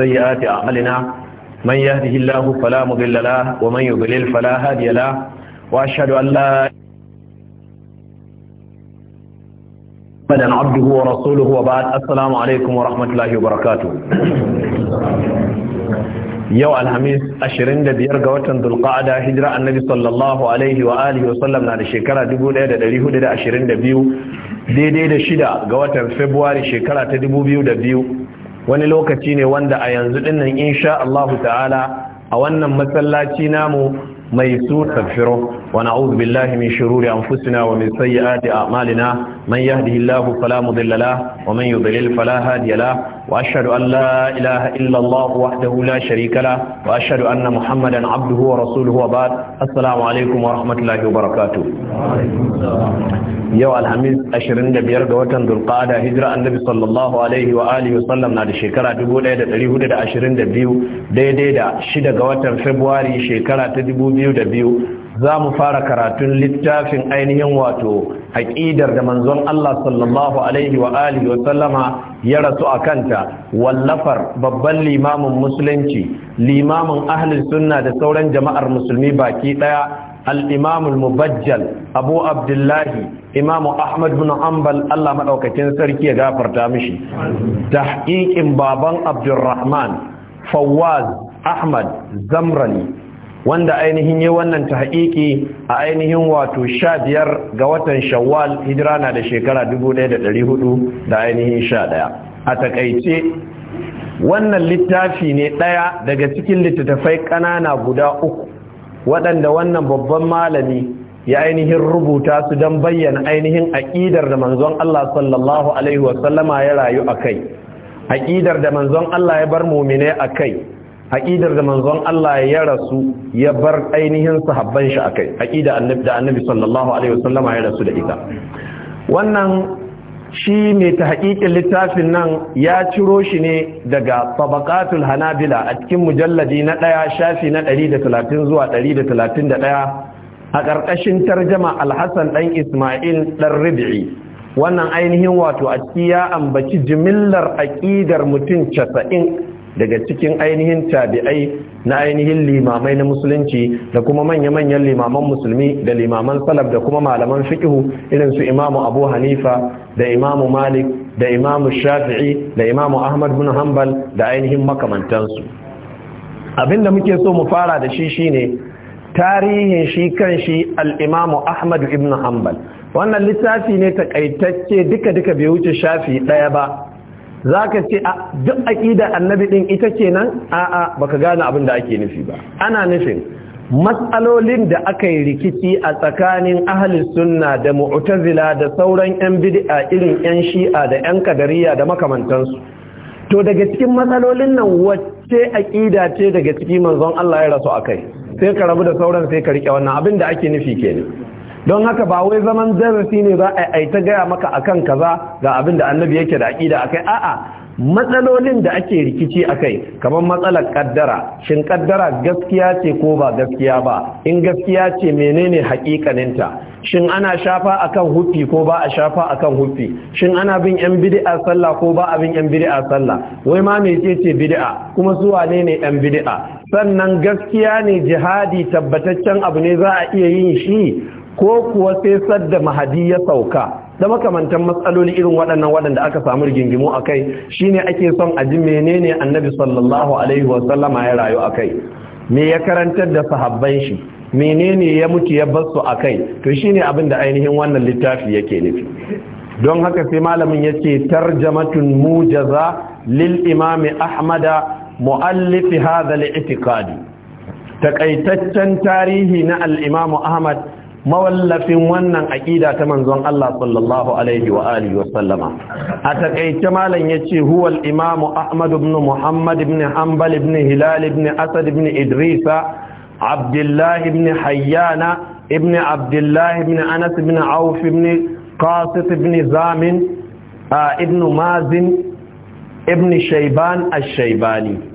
سيئات أعمالنا من يهده الله فلا مضل له ومن يضلل فلا هادي له وأشهد أن لا محمدا عبده ورسوله وبعد السلام عليكم ورحمة الله وبركاته yau alhamis 25 ga watan dulqa'ada hijira annabi sallallahu alaihi wa na da shekara daidai da shida ga watan february shekara ta 2002 wani lokaci ne wanda a yanzu dinnan insha Allahu ta'ala a wannan masallaci namu mai suna firo wa na'udhu billahi min shururi anfusina wa min sayyiati a'malina man yahdihillahu fala mudilla lahu wa man yudlil fala hadiya واشهد ان لا اله الا الله وحده لا شريك له واشهد ان محمدا عبده ورسوله وبعد السلام عليكم ورحمه الله وبركاته يوم الخميس 25 ga watan dulqada hijra annabi sallallahu alaihi wa alihi wasallam na da shekara 1422 daidai da shida ga watan february shekara ta 2002 za mu fara karatun littafin ainihin wato aƙidar da manzon Allah sallallahu alaihi wa alihi wa sallama ya rasu a kanta wallafar babban limamin musulunci limamin ahlul sunna da sauran jama'ar musulmi baki daya al imamul mubajjal abu abdullahi imamu ahmad bin hanbal Allah madaukakin sarki ya gafarta mishi tahqiqin baban abdurrahman fawaz ahmad zamrani wanda ainihin yi wannan ta haƙiƙi a ainihin wato sha biyar ga watan shawwal hijira na da shekara hudu da ainihin sha ɗaya a takaice wannan littafi ne ɗaya daga cikin littattafai ƙanana guda uku waɗanda wannan babban malami ya ainihin rubuta su don bayyana ainihin aƙidar da manzon Allah sallallahu alaihi wasallama ya rayu a kai aƙidar da manzon Allah ya bar mumine a kai aqidar da manzon Allah ya rasu ya bar ainihin sahabban shi akai aqida annabi da annabi sallallahu alaihi wasallam ya rasu da ita wannan shi mai tahqiqin littafin nan ya ciro shi ne daga tabaqatul hanabila a cikin mujalladi na ɗaya shafi na 130 zuwa 131 a ƙarƙashin tarjama alhassan ɗan isma'il ɗan ribi'i wannan ainihin wato a ya ambaci jimillar aƙidar mutum casa'in daga cikin ainihin tabi'ai na ainihin limamai na musulunci da kuma manya-manyan limaman musulmi da limaman salaf da kuma malaman fiqhu irin su imamu abu hanifa da imamu malik da imamu shafi'i da imamu ahmad bin hanbal da ainihin makamantansu Abin da muke so mu fara da shi shine tarihin shi kan shi al'imamu ahmad ibn hanbal wannan littafi ne takaitacce duka-duka bai wuce shafi ɗaya ba za ka ce a duk aƙida annabi ɗin ita kenan nan a'a ka gane abin da ake nufi ba ana nufin matsalolin da aka yi rikici a tsakanin ahalin sunna da mu'tazila da sauran 'yan bid'a irin 'yan shi'a da 'yan kadariya da makamantansu to daga cikin matsalolin nan wacce aƙida ce daga ciki manzon Allah ya rasu akai sai ka rabu da sauran sai ka rike wannan abin da ake nufi kenan don haka ba wai zaman darasi ne za a ta gaya maka akan kaza ga abin da annabi yake da aƙida kai. a'a matsalolin da ake rikici a kai kamar matsalar kaddara shin kaddara gaskiya ce ko ba gaskiya ba in gaskiya ce menene haƙiƙaninta? shin ana shafa akan huffi ko ba a shafa akan huffi shin ana bin yan bid'a sallah ko ba a bin yan bid'a sallah wai ma mecece bid'a kuma su wane ne yan bid'a sannan gaskiya ne jihadi tabbataccen abu ne za a iya yin shi ko kuwa sai sadda mahadi ya sauka da makamantan matsaloli irin waɗannan waɗanda aka samu rigingimu a kai ne ake son a ji menene annabi sallallahu alaihi wasallama ya rayu a kai me ya karantar da sahabban shi menene ya mutu ya basu a kai to shine abin da ainihin wannan littafi yake nufi don haka sai malamin ya ce tarjamatun mujaza lil imami ahmada mu'allifi hadha al-i'tiqadi takaitaccen tarihi na al-imamu ahmad mawallafin wannan aƙida ta manzon Allah sallallahu alaihi wa alihi wa sallama a takaice malam yace huwa al-imamu Ahmad ibn Muhammad ibn Hanbal ibn Hilal ibn Asad ibn Idrisa Abdullah ibn Hayyana ibn Abdullah ibn Anas ibn Auf ibn Qasit ibn Zamin uh, ibn Mazin ibn Shayban ash-Shaybani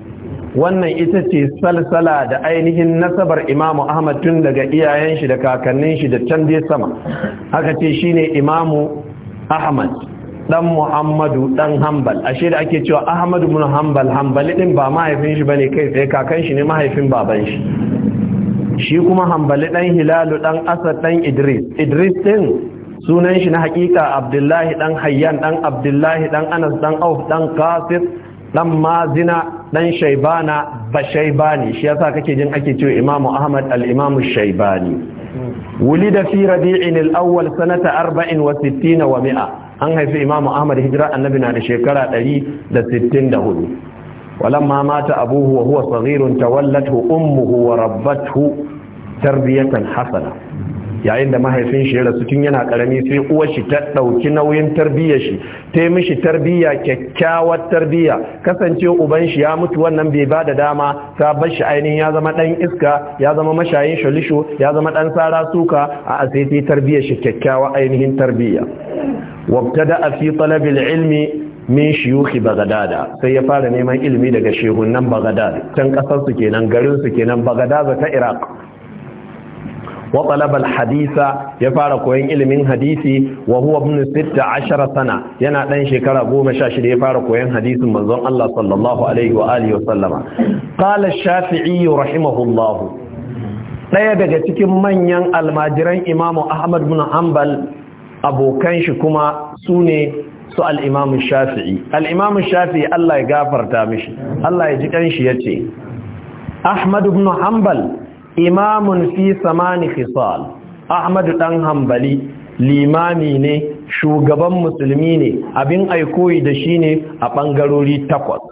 wannan ita ce salsala da ainihin nasabar imamu ahmad tun daga iyayen shi da kakannin shi da can dai sama haka ce shine imamu ahmad dan muhammadu dan hanbal ashe da ake cewa ahmad ibn hanbal hanbali din ba mahaifin shi bane kai sai kakan shi ne mahaifin baban shi shi kuma hanbali dan hilalu dan asad dan idris idris din sunan shi na hakika abdullahi dan hayyan dan abdullahi dan anas dan auf dan qasif dan mazina dan shaibana ba shaibani shi yasa kake jin ake cewa imamu ahmad al-imamu shaibani wulida fi rabi'in al-awwal sanata 64 wa 100 an haifi imam ahmad hijira annabi na da shekara 164 walamma mata abuhu wa huwa saghirun tawallathu ummuhu wa rabbathu tarbiyatan hasana yayin da mahaifin shi ya rasu tun yana karami sai uwar shi ta dauki nauyin tarbiyyar shi ta yi mishi tarbiyya kyakkyawar tarbiyya kasance uban shi ya mutu wannan bai ba da dama ta bar shi ainihin ya zama dan iska ya zama mashayin shalisho ya zama dan sara suka a asiti tarbiyyar shi kyakkyawar ainihin tarbiyya wabtada fi talabil ilmi min shiyuki bagadada sai ya fara neman ilimi daga shehunan bagadad can kasar su kenan garin su kenan bagadaza ta iraq wa talaba hadisa ya fara koyon ilimin hadisi wa huwa ibn 16 sana yana dan shekara 16 ya fara koyon hadisin manzon Allah sallallahu alaihi wa alihi wa sallama qala shafi'i rahimahullah daya daga cikin manyan almajiran imamu ahmad ibn hanbal abokan shi kuma sune su al'imamun shafi'i al'imamun shafi'i Allah ya gafarta mishi Allah ya ji ƙanshi ya ce ahmad ibn hanbal imamun fi samani khisal ahmadu dan hambali limami ne shugaban musulmi ne abin aikoyi da shi ne a ɓangarori takwas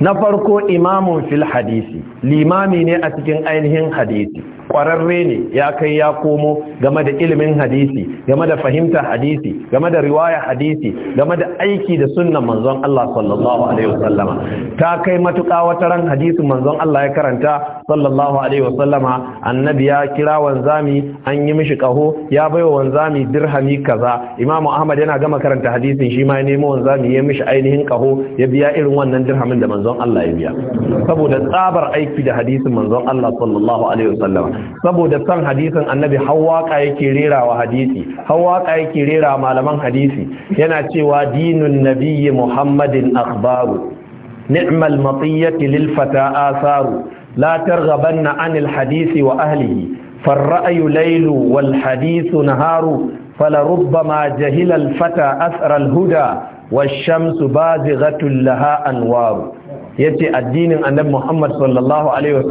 na farko imamun fil hadisi limami ne a cikin ainihin hadisi kwararre ne ya kai ya komo game da ilimin hadisi game da fahimtar hadisi game da riwaya hadisi game da aiki da sunnan manzon Allah sallallahu alaihi wasallama ta kai matuƙa wata ran hadisin manzon Allah ya karanta sallallahu alaihi wasallama annabi ya kira wanzami an yi mishi kaho ya baiwa wanzami dirhami kaza imamu ahmad yana gama karanta hadisin shi ma ya nemo wanzami ya mishi ainihin kaho ya biya irin wannan dirhamin da manzon Allah ya biya saboda tsabar aiki da hadisin manzon Allah sallallahu alaihi wasallama saboda san hadisin annabi hawaka yake rera wa hadisi hawaka yake rera malaman hadisi yana cewa dinun nabiyyi muhammadin akhbaru ni'mal matiyati lil fata asaru la targhabanna anil hadisi wa ahlihi فالرأي ليل والحديث نهار فلربما جهل الفتى أثر الهدى والشمس بازغة لها أنوار yace addinin annabi Muhammad sallallahu alaihi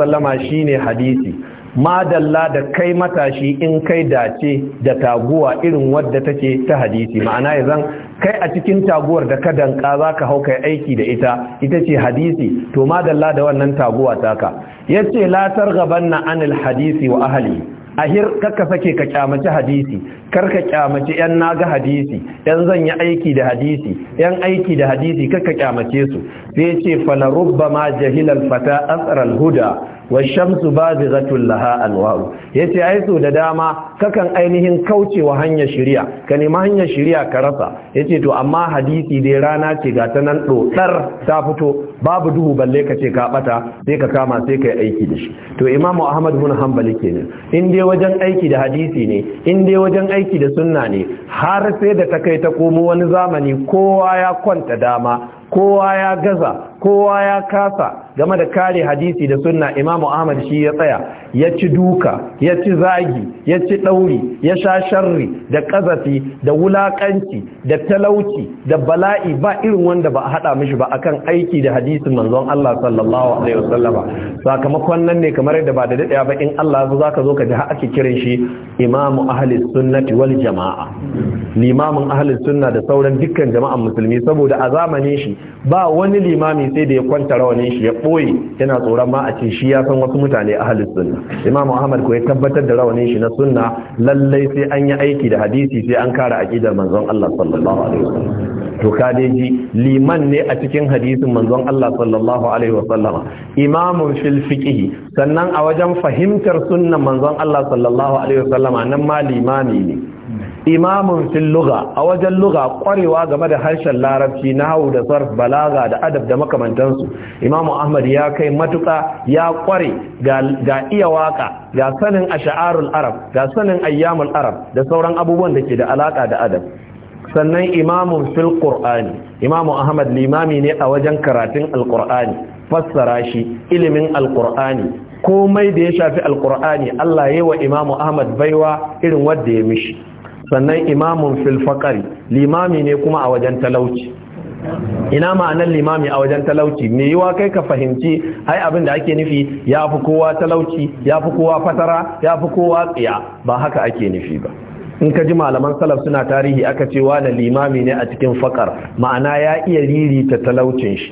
shine hadisi madalla da kai matashi in kai dace da taguwa irin wadda take ta hadisi ma'ana ya zan kai a cikin taguwar da ka danka za ka hau kai aiki da ita ita ce hadisi to madalla da wannan taguwa taka ya ce latar gaban na anil hadisi wa ahali A hir kakka sake ka kyamaci hadisi Kar ka kyamaci yan naga hadisi yan zan yi aiki da hadisi yan aiki da hadisi kakka kyamace su sai ce rubba ma jahilal fata asral huda washamsu bazighatul laha anwa'u yace ai so da dama kakan ainihin kaucewa hanyar shiriya. ka nemi hanyar shiriya ka rasa yace to amma hadisi dai rana ce ga ta nan ɗar ta fito babu duhu balle ka ce ka ɓata. sai ka kama sai ka yi aiki da shi to imamu ahmad bin hanbali ne. in dai wajen aiki da hadisi ne in dai wajen aiki da sunna ne har sai da ta kai ta komo wani zamani kowa ya kwanta dama kowa ya gaza kowa ya kasa game da kare hadisi da sunna imamu ahmad shi ya tsaya ya ci duka ya ci zagi ya ci ɗauri ya sha sharri da ƙazafi da wulaƙanci da talauci da bala'i ba irin wanda ba a haɗa mishi ba akan aiki da hadisin manzon Allah sallallahu alaihi wasallama sakamakon nan ne kamar yadda ba da daɗe ba in Allah ya zaka zo ka ji ake kiran shi imamu ahli sunnati wal jama'a limamin ahli sunna da sauran dukkan jama'an musulmi saboda a zamanin shi ba wani limami sai da ya kwanta rawanin shi ya boye yana tsoron ma a ce shi ya san wasu mutane ahlus sunna imamu ahmad ko ya tabbatar da rawanin shi na sunna lallai sai an yi aiki da hadisi sai an kara aqidar manzon Allah sallallahu alaihi wasallam to kadeji liman ne a cikin hadisin manzon Allah sallallahu alaihi wasallama imamun fil fiqh sannan a wajen fahimtar sunnan manzon Allah sallallahu alaihi wasallama nan ma limami ne imamun fil a wajen luga kwarewa game da harshen larabci na hau da sarf balaga da adab da makamantansu imamu ahmad ya kai matuka ya kware ga iya waka ga sanin asha'arul arab ga sanin ayyamul arab da sauran abubuwan da ke da alaka da adab sannan imamun fil qur'ani imamu ahmad limami ne a wajen karatun alqur'ani fassara shi ilimin alqur'ani komai da ya shafi alqur'ani Allah yayi wa imamu ahmad baiwa irin wanda ya mishi sannan imamun filfakari limami ne kuma a wajen talauci ina ma'anar limami a wajen talauci me yiwa kai ka fahimci ai abin da ake nufi ya fi kowa talauci ya fi kowa fatara ya fi kowa tsiya ba haka ake nufi ba in ka ji malaman salaf suna tarihi aka ce wani limami ne a cikin fakar ma'ana ya iya ririta talaucin shi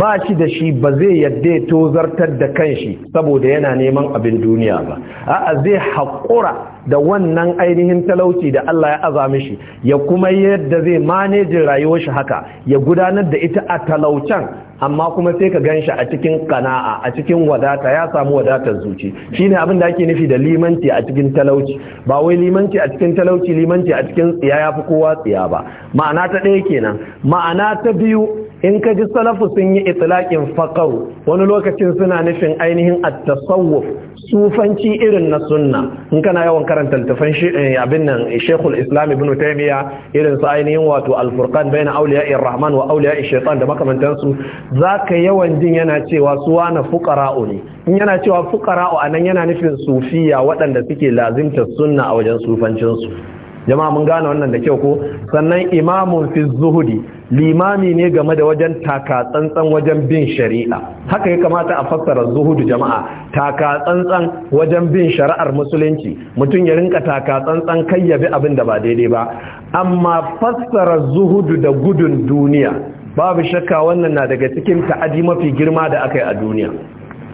ba shi da shi ba zai yadda tozartar da kanshi saboda yana neman abin duniya ba a'a zai haƙura da wannan ainihin talauci da Allah ya aza mishi ya kuma yadda zai manejin rayuwar shi haka ya gudanar da ita a talaucan amma kuma sai ka gan shi a cikin kana'a a cikin wadata ya samu wadatar zuci shine abin da ake nufi da limanci a cikin talauci ba wai limanci a cikin talauci limanci a cikin tsiya ya fi kowa tsiya ba ma'ana ta ɗaya kenan ma'ana ta biyu in ka ji salafu sun yi itilaƙin faƙau wani lokacin suna nufin ainihin at-tasawuf sufanci irin na sunna in kana yawan karanta littafan eh, abin nan eh, shekul islam ibn taimiyya irin su ainihin wato alfurkan bai na auliya Rahman wa auliya shaitan da makamantansu za ka yawan jin yana cewa suwa na fukara'u ne in yana cewa fukara'u a nan yana nufin sufiya waɗanda suke lazimta sunna a wajen sufancinsu jama'a mun gane wannan da kyau ko sannan imamun fi zuhudi limami ne game da wajen taka tsantsan wajen bin shari'a haka ya kamata a fassara zuhudu jama'a taka tsantsan wajen bin shari'ar musulunci mutum ya rinka taka tsantsan kai ya bi abin da ba daidai ba amma fassara zuhudu da gudun duniya babu shakka wannan na daga cikin ta'adi mafi girma da aka yi a duniya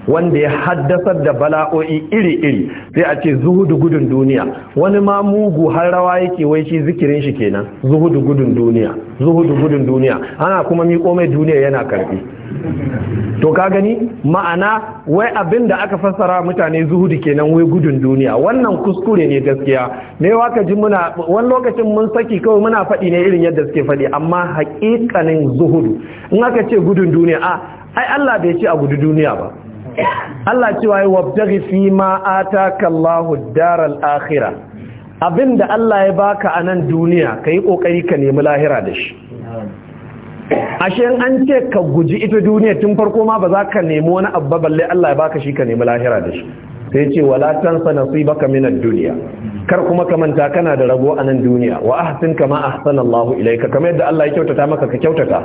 wanda ya haddasar da bala'o'i iri-iri sai a ce zuhudu gudun duniya wani ma mugu har rawa yake wai shi zikirin shi kenan zuhudu gudun duniya zuhudu gudun duniya ana kuma miƙo mai duniya yana karfi to ka gani ma'ana wai abin da aka fassara mutane zuhudu kenan wai gudun duniya wannan kuskure ne gaskiya ne waka ji muna wani lokacin mun saki kawai muna faɗi ne irin yadda suke faɗi amma haƙiƙanin zuhudu in aka ce gudun duniya a ai Allah bai ce a gudu duniya ba Allah cewa yi wabtaghi fi ma ataka Allahu daral abinda Allah ya baka a nan duniya kayi kokari ka nemi lahira da shi ashe an ce ka guji ita duniya tun farko ma ba za ka nemi wani abba balle Allah ya baka shi ka nemi lahira da shi sai ce wala tansa nasibaka min ad-dunya kar kuma ka manta kana da rabo a nan duniya wa ahsin kama ahsana Allahu ilayka kamar yadda Allah ya kyautata maka ka kyautata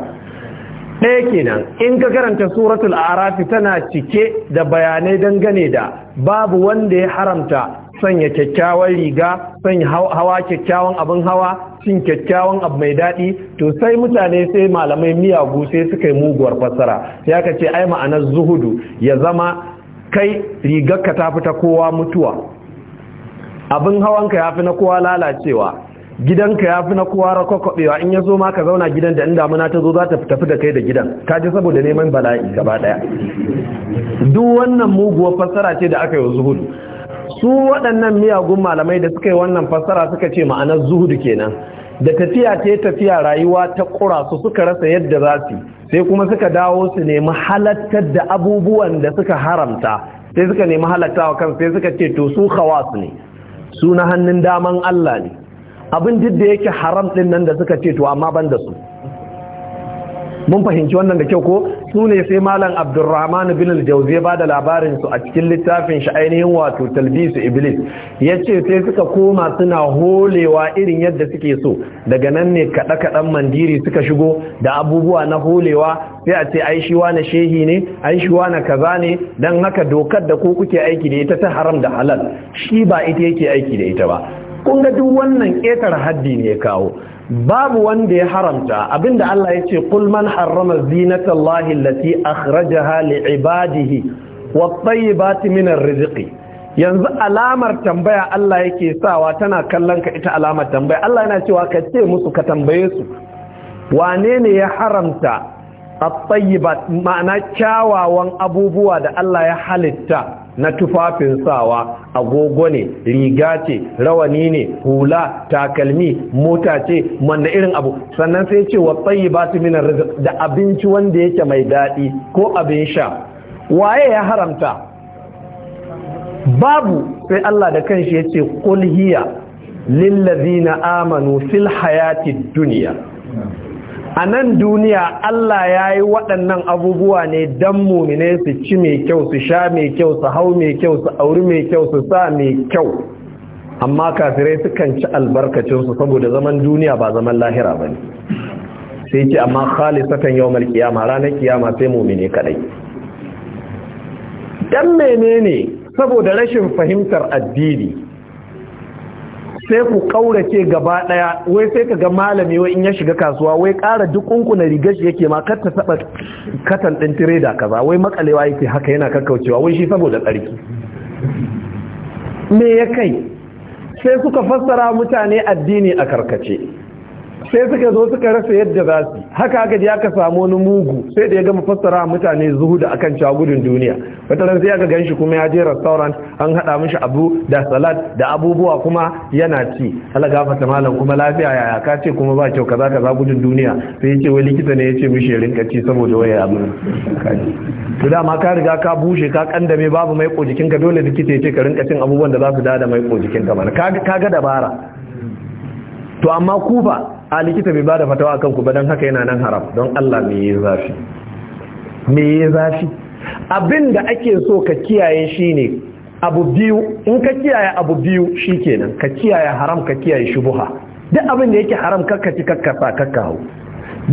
ɗaya kenan in ka karanta suratul arafi tana cike da bayanai dangane da babu wanda ya haramta sanya kyakkyawan riga sanya hawa kyakkyawan abin hawa cin kyakkyawan abu mai daɗi to sai mutane sai malamai miyagu sai suka yi muguwar fassara ya ka ce ai ma'anar zuhudu ya zama kai rigarka ta fi ta kowa mutuwa abin hawanka ya fi na kowa lalacewa gidanka ya fi na kowa rakwakwabewa in ya zo ma ka zauna gidan da in damuna ta zo za ta tafi da kai da gidan ka ji saboda neman bala'i gaba daya duk wannan muguwar fassara ce da aka yi zuhudu su waɗannan miyagun malamai da suka yi wannan fassara suka ce ma'anar zuhudu kenan da tafiya ce tafiya rayuwa ta ƙura su suka rasa yadda za su sai kuma suka dawo su nemi halattar da abubuwan da suka haramta sai suka nemi wa kansu sai suka ce to su khawas ne su na hannun daman Allah ne abin duk da yake haram din nan da suka ce to amma ban da su mun fahimci wannan da kyau ko su ne sai malam abdurrahman bin aljauzi ba da labarin su a cikin littafin shi ainihin wato talbisu iblis ce sai suka koma suna holewa irin yadda suke so daga nan ne kaɗa kaɗan mandiri suka shigo da abubuwa na holewa sai a ce ai shi wani shehi ne ai shi wani kaza ne dan haka dokar da ko kuke aiki da ita ta haram da halal shi ba ita yake aiki da ita ba kun ga duk wannan ƙetare haddi ne kawo babu wanda ya haramta abinda Allah ya ce kul man harrama zinatallahi allati akhrajaha ibadihi wa tayyibati min ar yanzu alamar tambaya Allah yake sawa tana kallon ka ita alamar tambaya Allah yana cewa ka ce musu ka tambaye su wane ne ya haramta at-tayyibat ma'ana kyawawan abubuwa da Allah ya halitta na tufafin sawa agogo ne riga ce rawani ne hula takalmi mota ce wanda irin abu sannan sai ce wa tsayi ba su minar da abinci wanda yake mai daɗi ko abin sha waye ya haramta babu sai Allah da kanshi ya ce kulhiya lillazina amanu fil hayati duniya a nan duniya Allah ya yi waɗannan abubuwa ne don mumine su ci mai kyau su sha mai kyau su hau mai kyau su auri mai kyau su sa mai kyau amma kafirai sukan ci albarkacinsu saboda zaman duniya ba zaman lahira ba ne sai ce amma yau yawmal kiyama ranar kiyama sai mumine kaɗai. dan menene saboda rashin fahimtar addini sai ku kaurace gaba daya wai sai ka ga malami wai in ya shiga kasuwa wai ƙara dukunku na rigar shi yake ma kar ta saba katan din tireda kaza wai makalewa yake haka yana kakkaucewa wai shi saboda tsarki me ya kai sai suka fassara mutane addini a karkace sai suka zo suka rasa yadda za su haka aka je aka samu wani mugu sai da ya gama fassara mutane zuhu da akan cewa gudun duniya wata ran sai aka ganshi kuma ya je restaurant an hada mishi abu da salad da abubuwa kuma yana ci Allah gafarta malam kuma lafiya yaya ka ce kuma ba kyau kaza kaza gudun duniya sai yace wai likita ne yace mishi rinka ci saboda waya abu kaji to dama ka riga ka bushe ka kandame babu mai ko jikinka dole likita yace ka rinka cin abubuwan da za su dada mai ko jikinka mana ka ga dabara to amma ku ba a likita bai bada fatawa kan ku ba dan haka yana nan haram don Allah me yayi zafi me yayi zafi abinda ake so ka kiyaye shine abu biyu in ka kiyaye abu biyu shikenan ka kiyaye haram ka kiyaye shubuha duk abin da yake haram kakkaci kakkasa kakkahu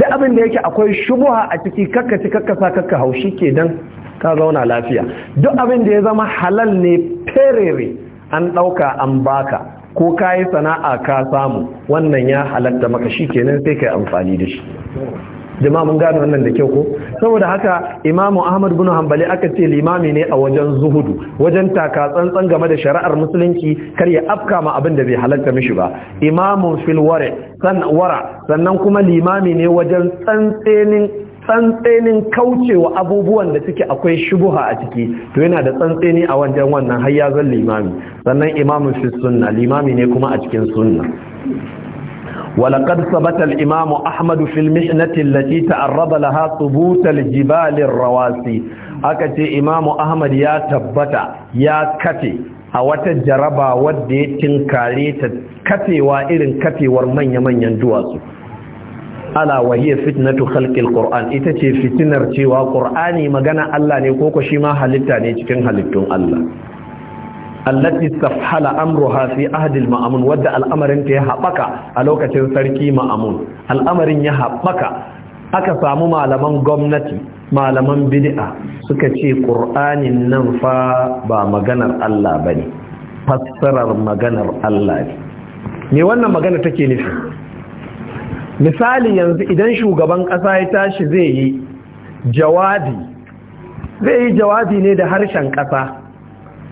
duk abin da yake akwai shubuha a ciki kakkaci kakkasa kakkahu shikenan ka zauna lafiya duk abin da ya zama halal ne perere an ɗauka an baka ko kayi sana'a ka samu wannan ya halatta maka shi kenan sai ka yi amfani da shi jama'a mun gane wannan da kyau ko saboda haka imamu ahmad bin hanbali aka ce limami ne a wajen zuhudu wajen taka tsantsan game da shari'ar musulunci kar ya afka ma abin da bai halatta mishi ba imamu fil wara sannan kuma limami ne wajen tsantsenin tsantsenin kaucewa abubuwan da suke akwai shubuha a ciki to yana da tsantseni a wajen wannan har ya zan limami sannan imamu fi sunna limami ne kuma a cikin sunna ولقد ثبت الامام احمد في المحنه التي تعرض لها ثبوت الجبال الرواسي akace imamu ahmad ya tabbata ya kafe a wata jaraba wadda ya tinkare ta katewa irin katewar manya-manyan duwatsu ala wahiya fitnatu khalqil qur'an ita ce fitinar cewa qur'ani magana Allah ne koko shi ma halitta ne cikin halittun Allah allati safhala amruha fi ahdi mamun wadda al'amarin ta ya habaka a lokacin sarki ma'mun al'amarin ya habaka aka samu malaman gwamnati malaman bid'a suka ce qur'anin nan fa ba maganar Allah bane fassarar maganar Allah ne me wannan magana take nufi misali yanzu idan shugaban ƙasa ya tashi zai yi jawabi zai yi jawabi ne da harshen ƙasa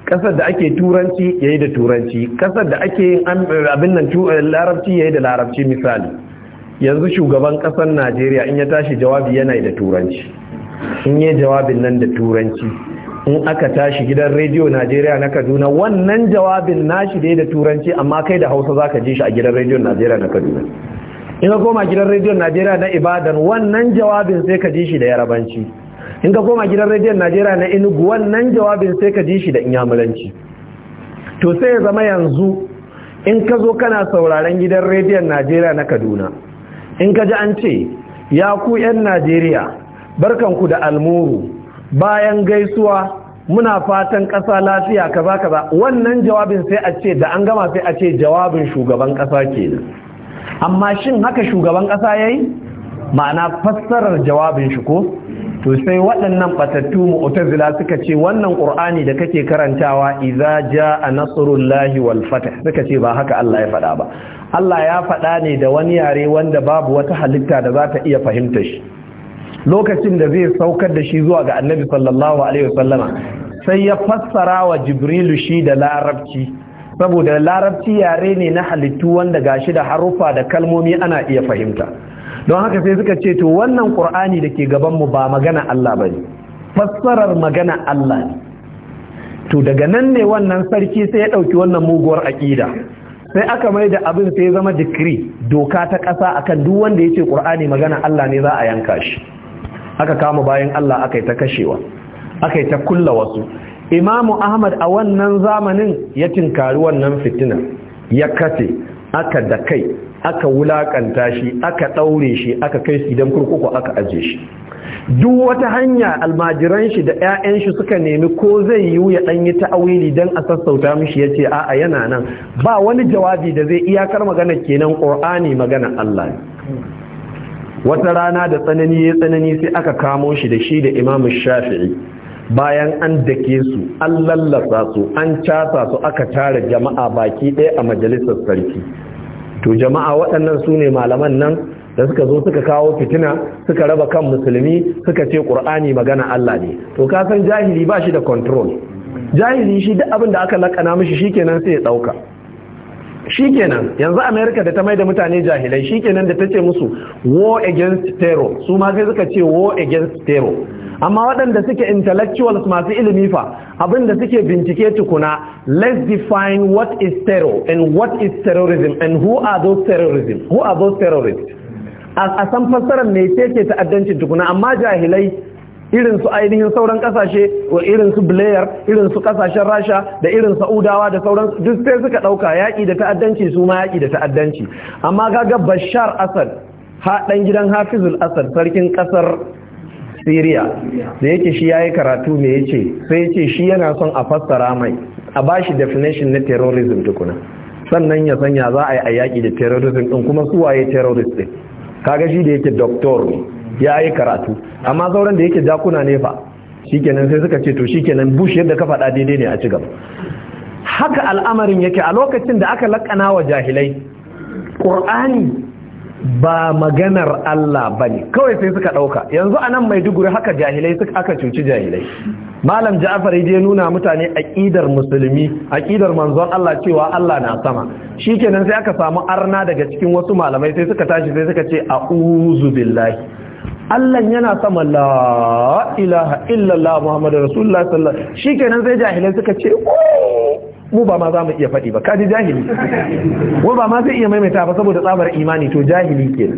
ƙasar da ake turanci ya yi da turanci ƙasar da ake abin nan larabci ya yi da larabci misali yanzu shugaban ƙasar najeriya in ya tashi jawabi yana da turanci in yi jawabin nan da turanci in aka tashi gidan rediyo najeriya na kaduna wannan jawabin nashi da da turanci amma kai da hausa za ka ji shi a gidan rediyo najeriya na kaduna in ka koma gidan rediyon najeriya na ibadan wannan jawabin sai ka ji shi da yarabanci in ka koma gidan rediyon najeriya na inugu wannan jawabin sai ka ji shi da inyamulanci. to sai ya zama yanzu in ka zo kana sauraren gidan rediyon najeriya na kaduna in ka ji an ce ya ku 'yan najeriya barkanku da almuru bayan gaisuwa muna fatan ƙasa lafiya kaza kaza wannan jawabin sai a ce da an gama sai a ce jawabin shugaban ƙasa kenan amma shin haka shugaban ƙasa ya yi ma'ana fassarar jawabin shi ko to sai waɗannan batattu mu'tazila suka ce wannan ƙur'ani da kake karantawa a nasarun lahi wal fata suka ce ba haka Allah ya faɗa ba Allah ya faɗa ne da wani yare wanda babu wata halitta da za ta iya fahimta shi lokacin da zai saukar da shi zuwa ga annabi sallallahu alaihi wasallama sai ya fassara wa jibrilu shi da larabci saboda larabci yare ne na halittu wanda gashi da haruffa da kalmomi ana iya fahimta don haka sai suka ce to wannan qur'ani da ke gaban mu ba magana Allah bane fassarar magana Allah ne to daga nan ne wannan sarki sai ya ɗauki wannan muguwar aqida sai aka mai da abin sai zama dikri doka ta ƙasa akan duk wanda ya ce ƙur'ani magana Allah ne za a yanka shi aka kama bayan Allah aka ta kashewa aka ta kulla wasu imamu ahmad a wannan zamanin ya tinkari wannan fitina ya kace aka da kai aka wulakanta shi aka daure shi aka kai su idan kurkuku aka aje shi duk wata hanya almajiran shi da 'ya'yan shi suka nemi ko zai yi ya ɗan yi ta'awili don a sassauta mishi ya ce a'a yana nan ba wani jawabi da zai iyakar magana kenan ƙur'ani magana Allah ne wata rana da tsanani ya tsanani sai aka kamo shi da shi da imamu shafi'i bayan an dake su an lallasa su an casa su aka tara jama'a baki ɗaya a majalisar sarki to jama'a waɗannan su ne malaman nan da suka zo suka kawo fitina suka raba kan musulmi suka ce ƙur'ani magana Allah ne to ka san jahili ba shi da control jahili shi duk abin da aka lakana mishi shikenan sai ya ɗauka shikenan yanzu Amerika da ta mai da mutane jahilai shikenan da ta ce musu war against terror su ma sai suka ce war against terror amma waɗanda suke intellectuals masu ilimi fa abinda suke bincike tukuna let's define what is terror and what is terrorism and who are those terrorism who are those terrorists a san fassarar mai ce ke ta'addancin tukuna amma jahilai irin su ainihin sauran kasashe wa irin su Blair irin su kasashen Rasha da irin Saudawa da sauran duk sai suka dauka yaki da ta'addanci su ma yaki da ta'addanci amma gaga Bashar Asad ha dan gidan Hafizul Asad sarkin kasar Syria da yake shi yayi karatu ne yace sai yace shi yana son a fassara mai a bashi definition na terrorism tukuna sannan ya sanya za a yi a yaki da terrorism din kuma su waye terrorist din kaga shi da yake doctor ya yi karatu amma sauran da yake jakuna ne fa shikenan sai suka ce to shikenan bush yadda ka faɗa daidai ne a ci gaba haka al'amarin yake a lokacin da aka lakana wa jahilai ƙur'ani ba maganar Allah bane kawai sai suka ɗauka yanzu a nan maiduguri haka jahilai suka aka cuci jahilai malam ja'afar je nuna mutane aƙidar musulmi aƙidar manzon Allah cewa Allah na sama shikenan sai aka samu arna daga cikin wasu malamai sai suka tashi sai suka ce a'udhu billahi Allah yana sama la ilaha illallah Muhammadu Rasulullah sallallahu alaihi shikenan sai jahilai suka ce mu ba ma za mu iya faɗi ba Ka ji jahili mu ba ma zai iya maimaita ba saboda tsabar imani to jahili ke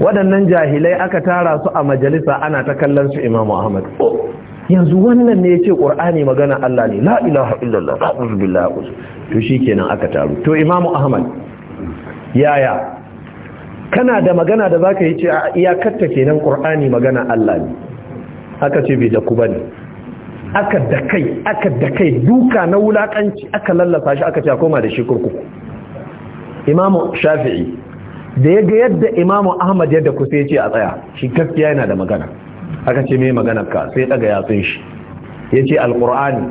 waɗannan jahilai aka tara su a majalisa ana ta kallon su Imam Muhammad. yanzu wannan ne yace Qur'ani magana Allah ne la ilaha illallah a'udhu billahi to shikenan aka taru to Imam Ahmad yaya kana da magana da zaka yi ce a iyakarta kenan qur'ani magana Allah ne aka ce bai da ku bane aka da kai aka da kai duka na wulakanci aka lallafa shi aka ce a koma da shi kurkuku imamu shafi'i da ya ga yadda imamu ahmad yadda ku sai ce a tsaya shi gaskiya yana da magana aka ce mai magana ka sai daga yatsun shi ya ce alkur'ani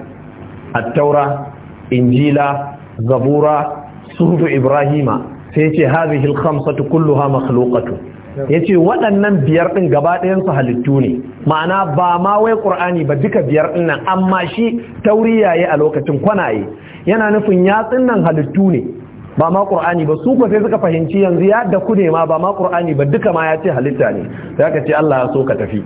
attaura injila zabura suhufu ibrahima sai ce hazihi al-khamsatu kulluha makhluqatu yace waɗannan biyar din gaba ɗayan su halittu ne ma'ana ba ma wai qur'ani ba duka biyar din nan amma shi tauriya yayi a lokacin kwanaye yana nufin yatsin nan halittu ne ba ma qur'ani ba su ko sai suka fahimci yanzu ya da kude ma ba ma qur'ani ba duka ma ya halitta ne sai ka ce Allah ya so ka tafi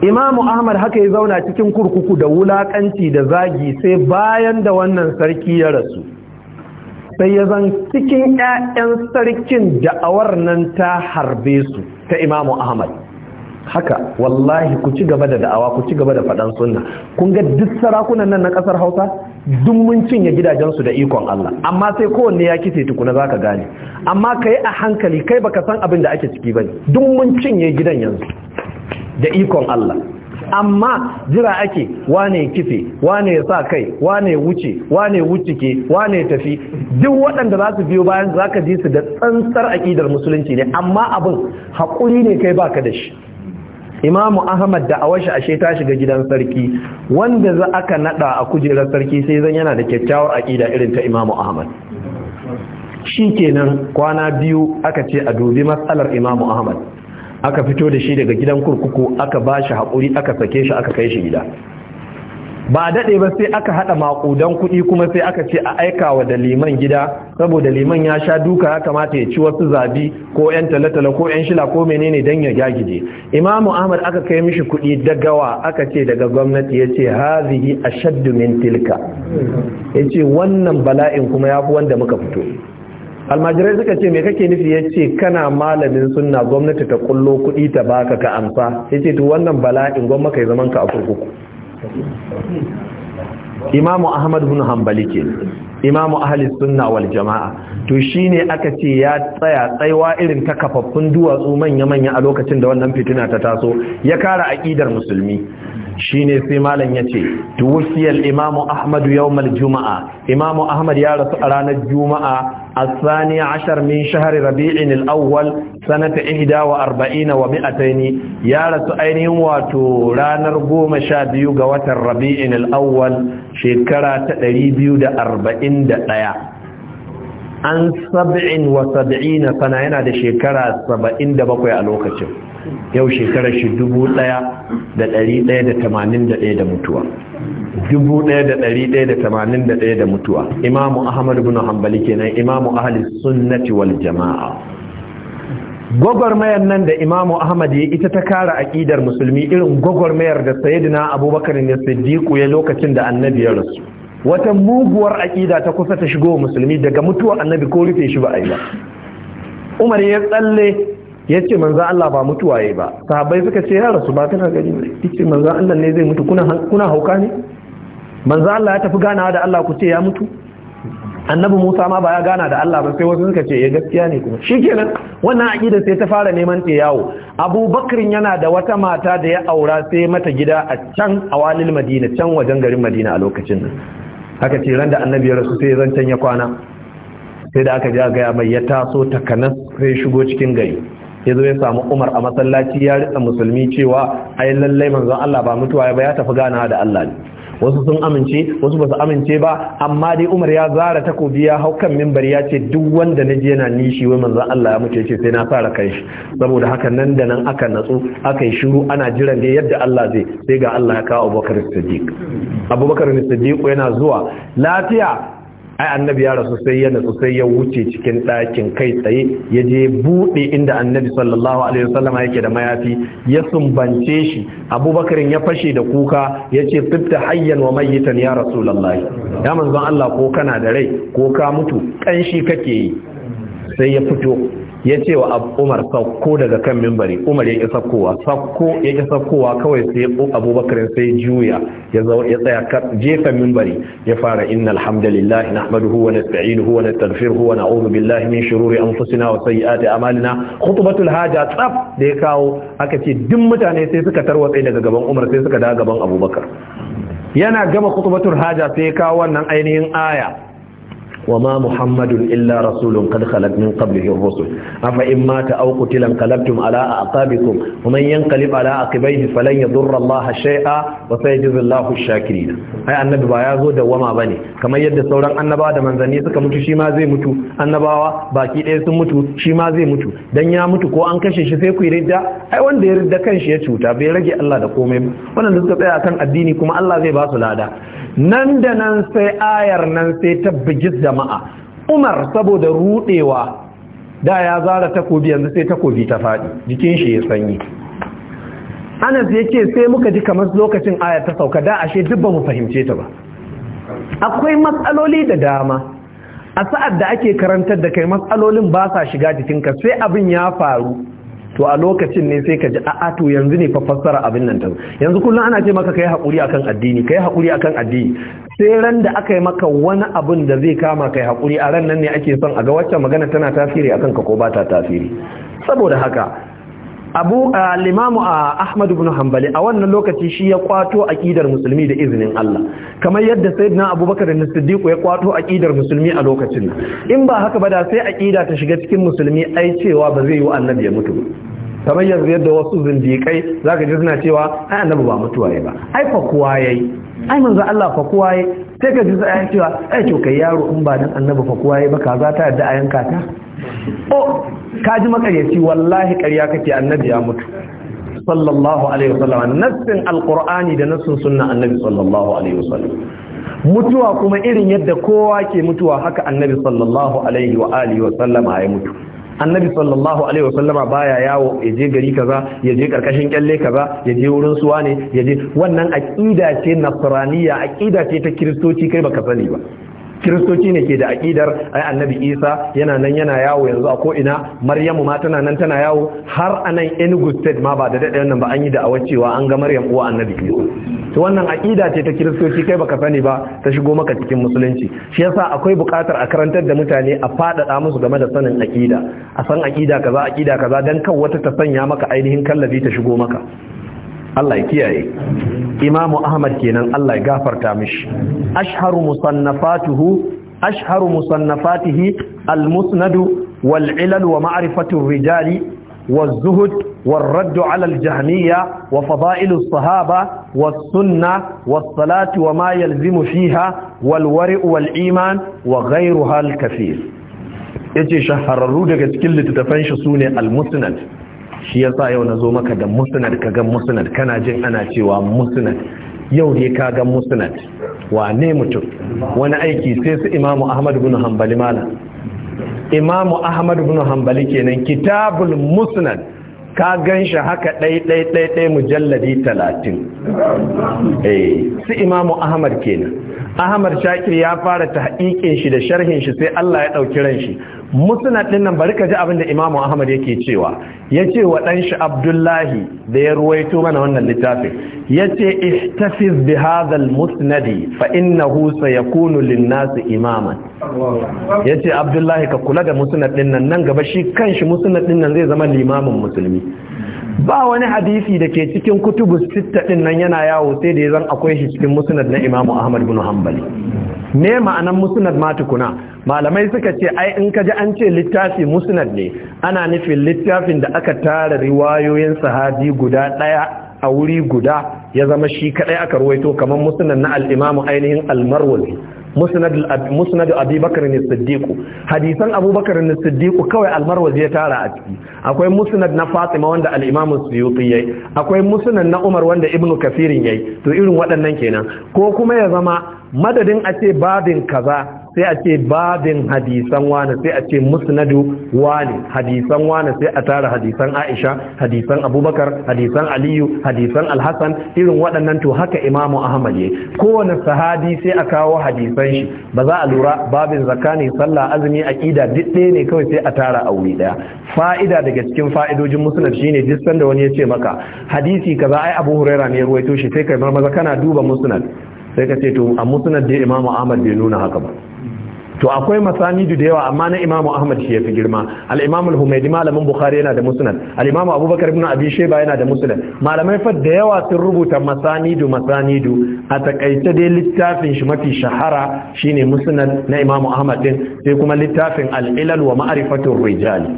Imam ahmad haka ya zauna cikin kurkuku da wulakanci da zagi sai bayan da wannan sarki ya rasu sai ya zan cikin 'ya'yan sarkin da'awar nan ta harbe su ta imamu ahmad haka wallahi ku ci gaba da da'awa ku ci gaba da faɗan sunna kun ga duk sarakunan nan na ƙasar hausa duk mun cinye gidajensu da ikon Allah amma sai kowanne ya kise tukuna za ka gane amma ka yi a hankali kai baka san abin da ake ciki ba duk mun cinye gidan yanzu da ikon Allah amma jira ake wane kife wane ya sa kai wane wuce wane wucike wane tafi duk waɗanda za su biyo bayan za ka ji su da tsantsar aƙidar musulunci ne amma abin haƙuri ne kai baka da shi imamu ahmad da washe ashe ta shiga gidan sarki wanda za aka naɗa a kujerar sarki sai zan yana da kyakkyawar aƙida irin ta imamu ahmad shi kenan kwana biyu aka ce a dubi matsalar imamu ahmad aka fito da shi daga gidan kurkuku aka ba shi haƙuri aka sake shi aka kai shi gida ba daɗe ba sai aka haɗa maƙudan kuɗi kuma sai aka ce a aika wa da liman gida saboda liman ya sha duka ya kamata ya ci wasu zabi ko 'yan talatala ko 'yan shila ko menene don ya gagije imamu ahmad aka kai mishi kuɗi dagawa aka ce daga gwamnati ya ce hazihi a min tilka ya ce wannan bala'in kuma ya fi wanda muka fito almajirai suka ce me kake nufi ya ce kana malamin sunna gwamnati ta kullo kuɗi ta baka ka amsa ya ce wannan bala'in gwamma yi zaman ka a kurkuku imamu ahmad bin hanbali ke imamu ahli sunna wal jama'a to shine aka ce ya tsaya tsaiwa irin ta kafaffun duwatsu manya-manya a lokacin da wannan fitina ta taso ya kara aƙidar musulmi shi ne sai malam ya ce tuwusiyar imamu ahmadu yau mal juma’a imamu ahmadu ya rasu a ranar juma’a a tsaniya ashar min shahari rabi’in al’awwal sanata ihida wa arba’ina wa ya rasu ainihin wato ranar goma sha biyu ga watan rabi’in al’awwal shekara ta ɗari biyu da arba’in da ɗaya an saba’in wa saba’ina sana yana da shekara saba’in da bakwai a lokacin. yau shekarar shi dubu ɗaya da ɗari ɗaya da tamanin da ɗaya da mutuwa dubu ɗaya da ɗari ɗaya da tamanin da ɗaya da mutuwa imamu ahmad bin hanbali kenan imamu ahli sunnati wal jama'a gwagwarmayar nan da imamu ahmad ya ita ta kara aƙidar musulmi irin gwagwarmayar da sayyidina abubakar ne siddiqu ya lokacin da annabi ya rasu wata muguwar aƙida ta kusa ta shigo musulmi daga mutuwar annabi ko rufe shi ba a yi ba umar ya tsalle ya ce manza Allah ba mutuwa ya ba Sahabai suka ce ya rasu ba kana gani ya ce manza Allah ne zai mutu kuna hauka ne manza Allah ya tafi ganawa da Allah ku ce ya mutu annabi Musa ma ba ya gana da Allah ba sai wasu suka ce ya eh, gaskiya ne kuma shikenan wannan aqida sai ta fara neman ta yawo Abu Bakr yana da wata mata da ya aura sai mata gida a can a walil Madina can wajen garin Madina a lokacin nan haka ce ran da annabi ya rasu sai zancen ya kwana sai da aka ji ga mai ya taso takanas sai shigo cikin gari ya zo ya samu umar a masallaci ya ritsa musulmi cewa ai lallai manzon Allah ba mutuwa ba ya tafi ganawa da Allah ne wasu sun amince wasu ba su amince ba amma dai umar ya zara takobi ya hau kan mimbar ya ce duk wanda na je na nishi wai manzon Allah ya mutu ya ce sai na fara kai shi saboda haka nan da nan aka natsu aka yi shiru ana jiran dai yadda Allah zai sai ga Allah ya kawo Abubakar Siddiq Abubakar Siddiq yana zuwa lafiya ai annabi ya rasu sai ya natsu sai ya wuce cikin ɗakin kai tsaye ya je buɗe inda annabi sallallahu alaihi wasallama yake da mayafi ya sumbance shi abubakarin ya fashe da kuka ya ce tibta hayyan wa mayyitan ya rasulullahi ya manzon Allah ko kana da rai ko ka mutu ƙanshi kake yi sai ya fito ya ce wa umar sakko daga kan mimbari umar ya ƙi sakkowa sakko ya ƙi sakkowa kawai sai abubakar sai juya ya tsaya jefa mimbari ya fara inna alhamdulillah sa'idu huwa na wa huwa na na'udhu billahi min an fusina wa sayyiati a'malina khutbatul haja tsaf da ya kawo aka ce duk mutane sai suka tarwatse daga gaban umar sai suka daga gaban abubakar yana gama khutbatul haja sai ya kawo wannan ainihin aya وما محمد إلا رسول قد خلت من قبله الرسل أفإن مات أو قتل انقلبتم على أعقابكم ومن ينقلب على عقبيه فلن يضر الله شيئا وسيجز الله الشاكرين أي النبي بايازو دوما بني كما يد سوران النبا da manzanni suka mutu shi ma zai mutu annabawa baki ɗaya sun mutu shi ma zai mutu dan ya mutu ko an kashe shi sai ku ridda ai wanda ya ridda kanshi ya cuta bai rage Allah da komai ba wanda akan addini kuma Allah zai ba su lada nan da nan sai ayar nan sai ta bigi jama'a umar saboda rudewa da ya zara takobi yanzu sai takobi ta faɗi jikin shi ya sanyi anas ya sai muka ji kamar lokacin ayar ta sauka da ashe duk ba mu fahimce ta ba akwai matsaloli da dama a sa'ad da ake karantar da kai matsalolin ba sa shiga jikinka sai abin ya faru to a lokacin ne sai ka ji a'a to yanzu ne fa fassara abin nan ta yanzu kullum ana ce maka kai hakuri akan addini kai hakuri akan addini sai ran da aka yi maka wani abin da zai kama kai hakuri a ran nan ne ake son a ga wacce magana tana tasiri akan ka ko ba ta tasiri saboda haka abu limamu a ahmad ibn hanbali a wannan lokaci shi ya kwato aqidar musulmi da izinin Allah kamar yadda sayyidina abubakar da siddiq ya kwato aqidar musulmi a lokacin in ba haka ba da sai aqida ta shiga cikin musulmi ai cewa ba zai yi annabi ya mutu kamar yanzu yadda wasu zindikai zaka ji suna cewa ai annabi ba mutuwa ba ai fa kuwa yayi ai manzo Allah fa kowa yi sai ka ji sai cewa ai to kai yaro in ba dan annabi fa kowa yi ba kaza ta yadda a yanka ta O oh, ka ji makaryaci wallahi ƙarya kake annabi ya mutu sallallahu alaihi wasallam nassin alqur'ani da nassin sunna annabi sallallahu alaihi wasallam mutuwa kuma irin yadda kowa ke mutuwa haka annabi sallallahu alaihi wa alihi wasallam ya mutu annabi sallallahu alaihi wasallama baya yawo ya je gari kaza ya je karkashin kyalle kaza ya je wurin suwa ne ya je wannan aqida ce nasraniya aqida ce ta kiristoci kai baka sani ba kiristoci ne ke da aƙidar ai annabi isa yana nan yana yawo yanzu a ko ina maryamu ma tana nan tana yawo har a nan enugu state ma ba da daɗe nan ba an yi da a cewa an ga maryam uwa annabi isa to wannan aƙida ce ta kiristoci kai baka sani ba ta shigo maka cikin musulunci shi yasa akwai buƙatar a karantar da mutane a faɗaɗa musu game da sanin aƙida a san aƙida kaza aƙida kaza dan kan wata ta sanya maka ainihin kallabi ta shigo maka Allah ya kiyaye Imam Ahmad kenan Allah ya gafarta mishi ashharu musannafatuhu ashharu musannafatihi al-musnad wal-ilal wa ma'rifatu ar-rijali والزهد والرد على الجهمية وفضائل الصحابة والسنة والصلاة وما يلزم فيها والورع والإيمان وغيرها الكثير يجي شهر الرودة كل تتفنش سوني المسند shi yasa yau na zo maka da musnad ka ga musnad kana jin ana cewa musnad yau ne ka ga musnad wane mutum wani aiki sai su imamu ahmad bin hanbali mala imamu ahmad bin hanbali kenan kitabul musnad ka gan shi haka ɗai-ɗai-ɗai mujalladi talatin eh, su imamu ahmad kenan ahmad shakir ya fara ta haƙiƙin shi da sharhin shi sai allah ya ɗauki ran shi musnad ɗinnan nan bari ka ji abin da imamu Ahmad yake cewa ya ce wa ɗan shi Abdullahi da ya ruwaito mana wannan littafin Ya ce ihtafiz bi musnadi musnadi fa fa husa ya kunu linnasu imaman Ya ce Abdullahi ka kula da musnad ɗinnan nan nan gaba shi kanshi musnad ɗin nan zai zama limamin musulmi ba wani hadisi da ke cikin kutubu sitta din nan yana yawo sai da ya zan akwai shi cikin musnad na imamu Ahmad bin Hanbali ne ma'anan musnad ma tukuna malamai suka ce ai in ka ji an ce littafi musnad ne ana nufin littafin da aka tara riwayoyin sahabi guda ɗaya a wuri guda ya zama shi kadai aka ruwaito kamar musnad na al-imamu ainihin al-marwazi musnad abubakar ne siddiqu hadisan abubakar ne siddiqu kawai almarwazi ya tara a ciki akwai musnad na fatima wanda al-imam suyuti yayi akwai musnad na umar wanda ibnu kafirin yayi to irin waɗannan kenan ko kuma ya zama madadin a ce babin kaza sai a ce babin hadisan wani sai a ce musnadu wani hadisan wani sai a tara hadisan aisha hadisan abubakar hadisan aliyu hadisan alhassan irin waɗannan to haka imamu ahmad ya kowane sahabi sai a kawo hadisan shi ba za a lura babin zakka sallah azumi aqida duk ɗaya ne kawai sai a tara a wuri ɗaya fa'ida daga cikin fa'idojin musnad shine duk sanda wani ya ce maka hadisi kaza ai abu huraira ne ya ruwaito shi sai kai maza kana duba musnad sai ka ce to a musnad da imamu ahmad bai nuna haka ba to akwai masanidu da yawa amma na imamu ahmad shi fi girma al-imamu al-humaydi malamin bukhari yana da musnad al-imamu abubakar ibn abi shayba yana da musnad malamai fa da yawa sun rubuta masanidu masanidu a takaice dai littafin shi mafi shahara shine musnad na imamu ahmad din sai kuma littafin al-ilal wa ma'rifatur rijal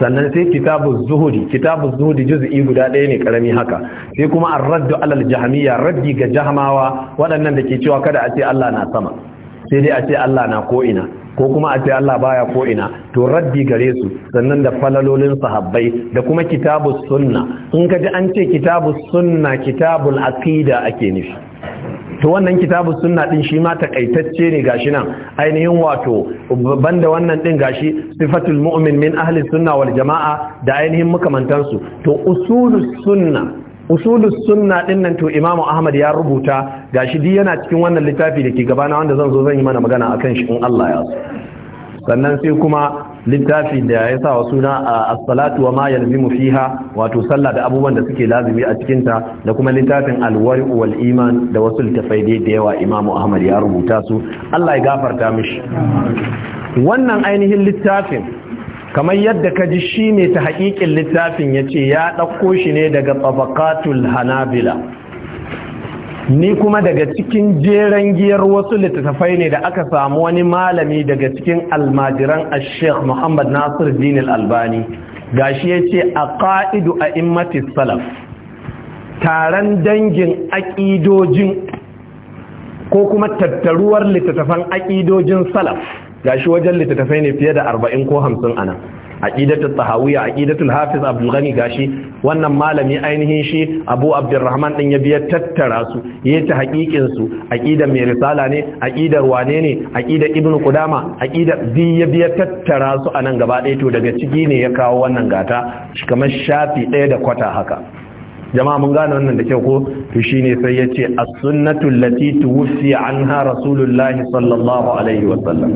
sannan sai kitabu zuhudi kitabu zuhudi juz'i guda ɗaya ne karami haka sai kuma ar-raddu alal jahmiya raddi ga jahmawa waɗannan da ke cewa kada a ce Allah na sama sai dai a ce Allah na ko'ina ko kuma a ce Allah baya ko'ina to raddi gare su sannan da falalolin sahabbai da kuma kitabu sunna in ka ji an ce kitabu sunna kitabul aqida ake nufi to wannan kitabu sunna din shi ma takaitacce ne gashi nan ainihin wato banda wannan din gashi sifatul mu'min min ahli sunna wal jama'a da ainihin makamantansu to usulus sunna usulus sunna din nan to imamu ahmad ya rubuta gashi di yana cikin wannan littafi da ke gabana wanda zan zo zan yi mana magana akan shi in Allah ya so sannan sai kuma littafi da ya sa wa suna as-salatu wa ma yalzimu fiha wato sallah da abubuwan da suke lazimi a cikin ta da kuma littafin al-wari wal iman da wasu littafai da yawa imamu ahmad ya rubuta su Allah ya gafarta mishi wannan ainihin littafin kamar yadda ka ji shi ne ta haƙiƙin littafin ya ce ya ɗauko shi ne daga tsabakatul hanabila ni kuma daga cikin jeren giyar wasu littattafai ne da aka samu wani malami daga cikin almajiran ashek muhammad nasir dinil albani gashi ya ce a ƙa'idu a immati salaf taron dangin aƙidojin ko kuma tattaruwar littattafan aƙidojin salaf gashi wajen littattafai ne fiye da arba'in ko hamsin anan aqidatul tahawiyya aqidatul hafiz abdul ghani gashi wannan malami ainihin shi abu abdurrahman din ya biya tattara su yayi ta hakikin su aqidar mai risala ne ƙidar wane ne aqidar ibnu qudama aqidar bi ya biya tattara su nan gaba ɗaya to daga ciki ne ya kawo wannan gata kamar shafi ɗaya da kwata haka jama'a mun gane wannan da kyau ko to shine sai yace as-sunnatu allati tuwfi anha rasulullahi sallallahu alaihi sallam.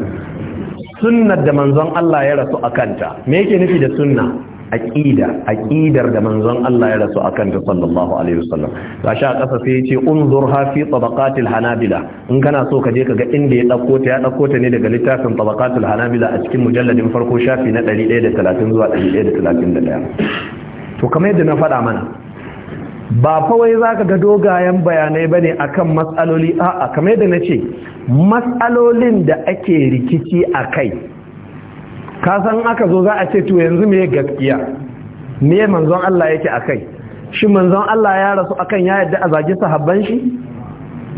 sunnar da manzon Allah ya rasu a kanta me yake nufi da sunna aqida aqidar da manzon Allah ya rasu a kanta sallallahu alaihi wasallam ga a kasa sai ya yace ha fi tabaqatil hanabila in kana so ka je ka ga inda ya dauko ta ya dauko ta ne daga littafin tabaqatil hanabila a cikin mujalladin farko shafi na 130 zuwa 131 to kamar yadda na faɗa mana ba fawai za ka ga dogayen bayanai ba ne akan matsaloli a'a kamar da na ce matsalolin da ake rikici a kai kasan aka zo za a ce to yanzu mai gaskiya me manzon Allah yake a kai shi manzon Allah ya rasu akan ya yadda a zagi sahabban shi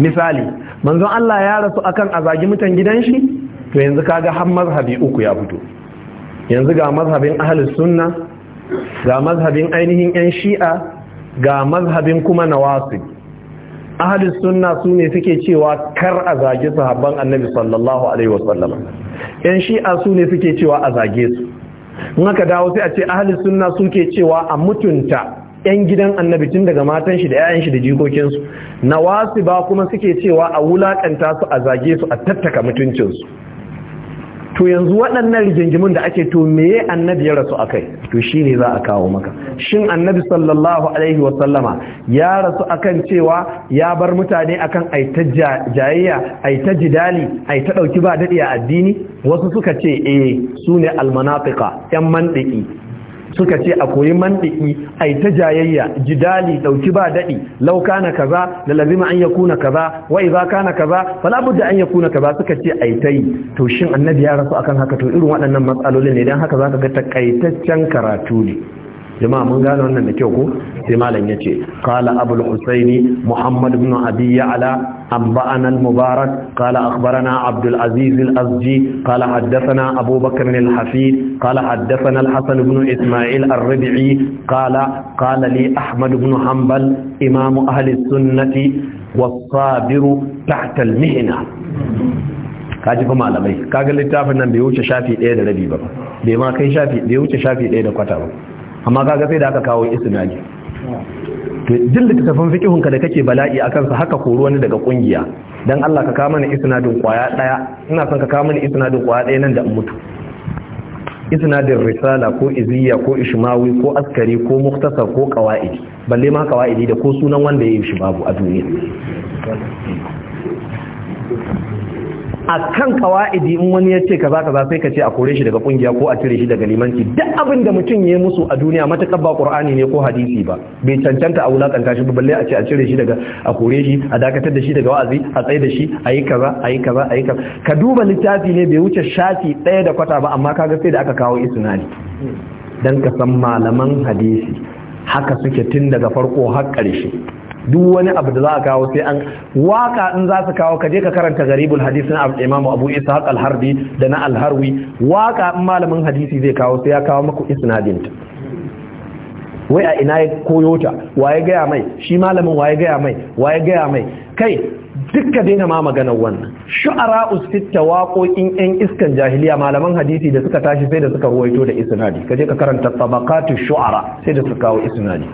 misali manzon Allah ya rasu akan a zagi mutan gidan shi to yanzu kaga har mazhabi uku ya fito yanzu ga mazhabin ahlus sunna ga mazhabin ainihin yan shi'a ga mazhabin kuma nawasi ahalus sunna su ne suke cewa kar a zage su sahabban annabi sallallahu alaihi wasallam yan shi'a su ne suke cewa a zage su in aka dawo sai a ce suna sunna ke cewa a mutunta yan gidan annabi tun daga matan shi da 'ya'yan shi da jikokinsu nawasi ba kuma suke cewa a wulakanta su a zage su a tattaka mutuncinsu to yanzu waɗannan rigingimin da ake to meye annabi ya rasu akai to shine za a kawo maka shin annabi sallallahu alaihi wasallama ya rasu akan cewa ya bar mutane akan aita jayayya aita jidali aita dauki ba dadi a addini wasu suka ce eh sune almanafiqa yan mandiki suka ce a koyi mandiki ai ta jayayya jidali ɗauki ba daɗi lauka na kaza da lazima an na kaza wa na kana kaza falabu da an na kaza suka ce ai yi to shin annabi ya rasu akan haka to irin waɗannan matsalolin ne dan haka za ka ga takaitaccen karatu ne jama'a mun gane wannan da kyau ko sai malam yace ce kala abul husaini muhammad bin abi ya'la anba'ana al mubarak kala akhbarana abdul aziz al azji kala haddathana abubakar al hafid kala haddathana al hasan bin isma'il al rabi'i kala kala li ahmad bin hanbal imam ahli al sunnati والصابر تحت المهنة kaji fa malamai kaga littafin nan bai wuce shafi ɗaya da rabi ba bai ma kai shafi bai wuce shafi ɗaya da kwata ba amma kaga sai da aka kawo isnadi to jin littafin fikihun ka da kake bala'i akan sa haka koro wani daga kungiya dan Allah ka kawo mana isnadin kwaya daya ina son ka kawo mana isnadin kwaya daya nan da mutu isnadin risala ko iziya ko ishmawi ko askari ko muktasar ko qawaidi balle ma qawaidi da ko sunan wanda ya yi shi babu a duniya a kan kawa'idi in wani ya ce kaza kaza sai ka ce a kore shi daga kungiya ko a cire shi daga limanci duk abin da mutum ya yi musu a duniya matakar ba qur'ani ne ko hadisi ba bai cancanta a wulakanta shi ba balle a ce a cire shi daga a kore shi a dakatar da shi daga wa'azi a tsaye da shi a yi kaza a yi kaza a yi kaza ka duba littafi ne bai wuce shafi ɗaya da kwata ba amma kaga sai da aka kawo isnadi dan ka san malaman hadisi haka suke tun daga farko har ƙarshe duk wani abu da za a kawo sai an waka in za su kawo kaje ka karanta garibul hadisi imamu abu isa alhardi da na alharwi waka in malamin hadisi zai kawo sai ya kawo maku isnadinta wai a ina ya koyo ta waye gaya mai shi malamin waye gaya mai waye gaya mai kai dukka daina ma maganar wannan shu'ara usfitta waƙoƙin yan iskan jahiliya malaman hadisi da suka tashi sai da suka ruwaito da isnadi kaje ka karanta tabaqatu shu'ara sai da suka kawo isnadi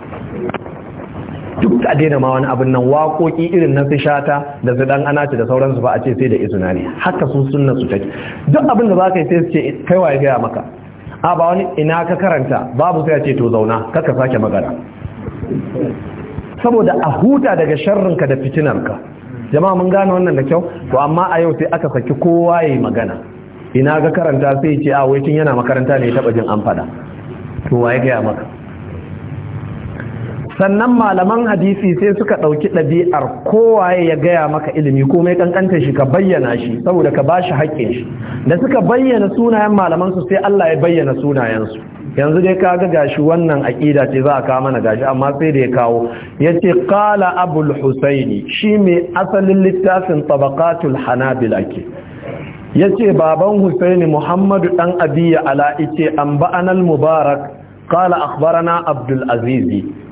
duk a daina ma wani abin nan waƙoƙi irin na fishata shata da su dan anace da sauransu ba a ce sai da izina ne haka su sunna su take duk abin da za ka yi sai su ce kai waye gaya maka a ba wani ina ka karanta babu sai a ce to zauna kaka sake magana saboda a huta daga sharrinka da fitinarka jama'a mun gane wannan da kyau to amma a yau sai aka saki kowa yayi magana ina ga karanta sai ce a wai tun yana makaranta ne ya taba jin an fada to waye gaya maka sannan malaman hadisi sai suka ɗauki ɗabi'ar kowaye ya gaya maka ilimi komai ƙanƙantar shi ka bayyana shi saboda ka ba shi haƙƙin shi da suka bayyana sunayen malamansu sai Allah ya bayyana sunayensu yanzu dai ka ga gashi wannan aƙida ce za a kawo mana gashi amma sai da ya kawo yace qala abul husaini shi mai asalin littafin tabaqatul hanabila ke yace baban husaini muhammadu dan abiya ala ice an ba'anal mubarak qala akhbarana abdul azizi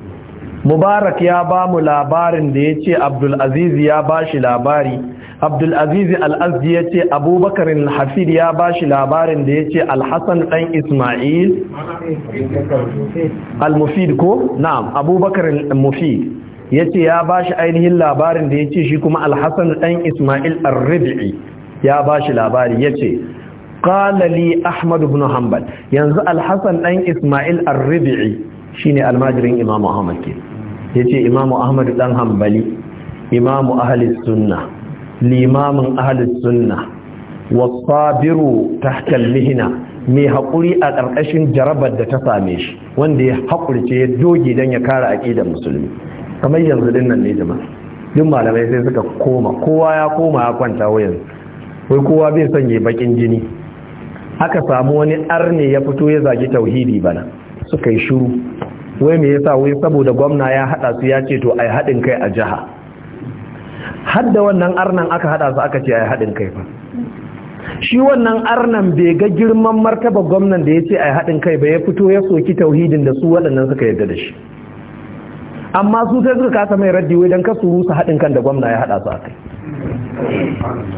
mubarak ya ba mu labarin da ya ce abdulaziz ya ba shi labari abdulaziz al'azdi ya ce abubakar al-hafid ya ba shi labarin da ya ce alhassan ɗan ismail al-mufid ko na'am abubakar al-mufid ya ce ya ba shi ainihin labarin da ya ce shi kuma alhassan ɗan ismail al-ribi'i ya ba shi labari ya ce ƙalali ahmadu bin hanbal yanzu alhassan ɗan ismail al-ribi'i shine almajirin imam Muhammad ke ya ce imamu ahmadu dan hambali, imamu ahli sunna limamin ahli sunna wasabiru tahta lihina mai haƙuri a ƙarƙashin jarabar da ta same shi wanda ya haƙurce ya doge don ya kare aƙidar musulmi kamar yanzu din nan ne jama'a duk malamai sai suka koma kowa ya koma ya kwanta yanzu wai kowa bai son ya bakin jini aka samu wani ne ya fito ya zagi tauhidi bana suka yi shuru. wai me yasa wai saboda gwamna ya hada su ya ce to ai hadin kai a jiha hadda wannan arnan aka hada su aka ce ai hadin kai fa shi wannan arnan bai ga girman martaba gwamnan da ya ce ai hadin kai ba ya fito ya soki tauhidin da su waɗannan suka yarda da shi amma su sai suka kasa mai raddi wai dan ka su rusa hadin kan da gwamna ya hada su akai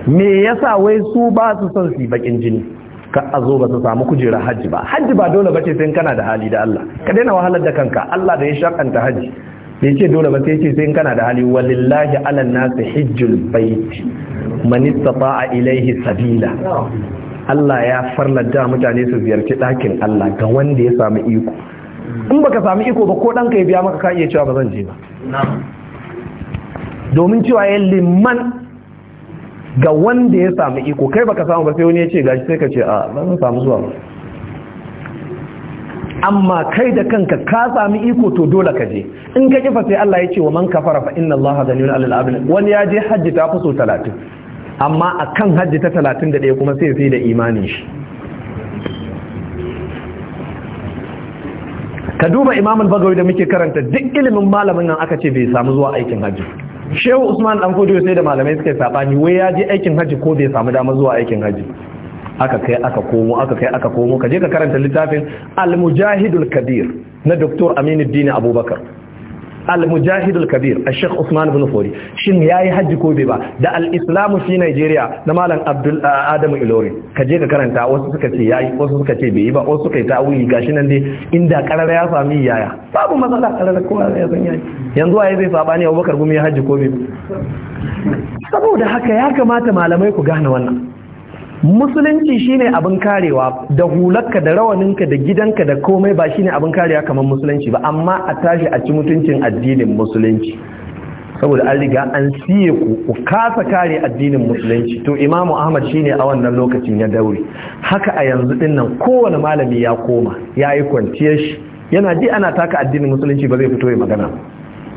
me yasa wai su ba su son su bakin jini ka a zo ba su samu kujera hajji ba hajji ba dole ba ce sai kana da hali da Allah ka daina wahalar da kanka Allah da ya shakanta hajji ya ce dole ba sai ce sai kana da hali walillahi ala nasi hijjul baiti man istata'a ilaihi sabila Allah ya da mutane su ziyarci ɗakin Allah ga wanda ya samu iko in baka samu iko ba ko ɗanka ya biya maka ka iya cewa ba zan je ba domin cewa yin liman ga wanda ya samu iko kai baka samu ba sai wani ya ce gashi sai ka ce a ah, ba zan samu zuwa amma kai da kanka ka sami iko to dole ka je in ka kifa sai Allah ya ce wa man kafara fa inna Allah ganiyun alal abin wani ya je hajji ta kuso 30 amma akan hajji ta 31 kuma sai sai da imanin shi ka duba imamul bagawi da muke karanta duk ilimin malamin nan aka ce bai samu zuwa aikin hajji shehu usman dan kudu sai da malamai suka sabani wai ya je aikin haji ko bai samu dama zuwa aikin haji aka kai aka komo aka kai aka komo ka je ka karanta littafin al-mujahidul kabir na doktor aminuddin abubakar al-mujahidul kabir al-sheikh usman bin fori shin yayi hajji ko bai ba da al-islamu fi nigeria na malam abdul uh, adamu ilori ka je ka karanta wasu suka ce yayi wasu suka ce bai yi ba wasu suka yi gashi nan dai inda karara ya sami yaya babu matsala karara ko ya san yayi yanzu waye zai ne abubakar gumi ya hajji ko bai saboda haka ya kamata malamai ku gane wannan musulunci shine abin karewa da hularka da rawaninka da gidanka da komai ba shine abin karewa kamar musulunci ba amma a tashi a ci mutuncin addinin musulunci saboda an riga an siye ku ku kasa kare addinin musulunci to imamu ahmad shine a wannan lokacin ya daure haka a yanzu din kowane malami ya koma ya yi kwanciyar shi yana ji ana taka addinin musulunci ba zai fito ya magana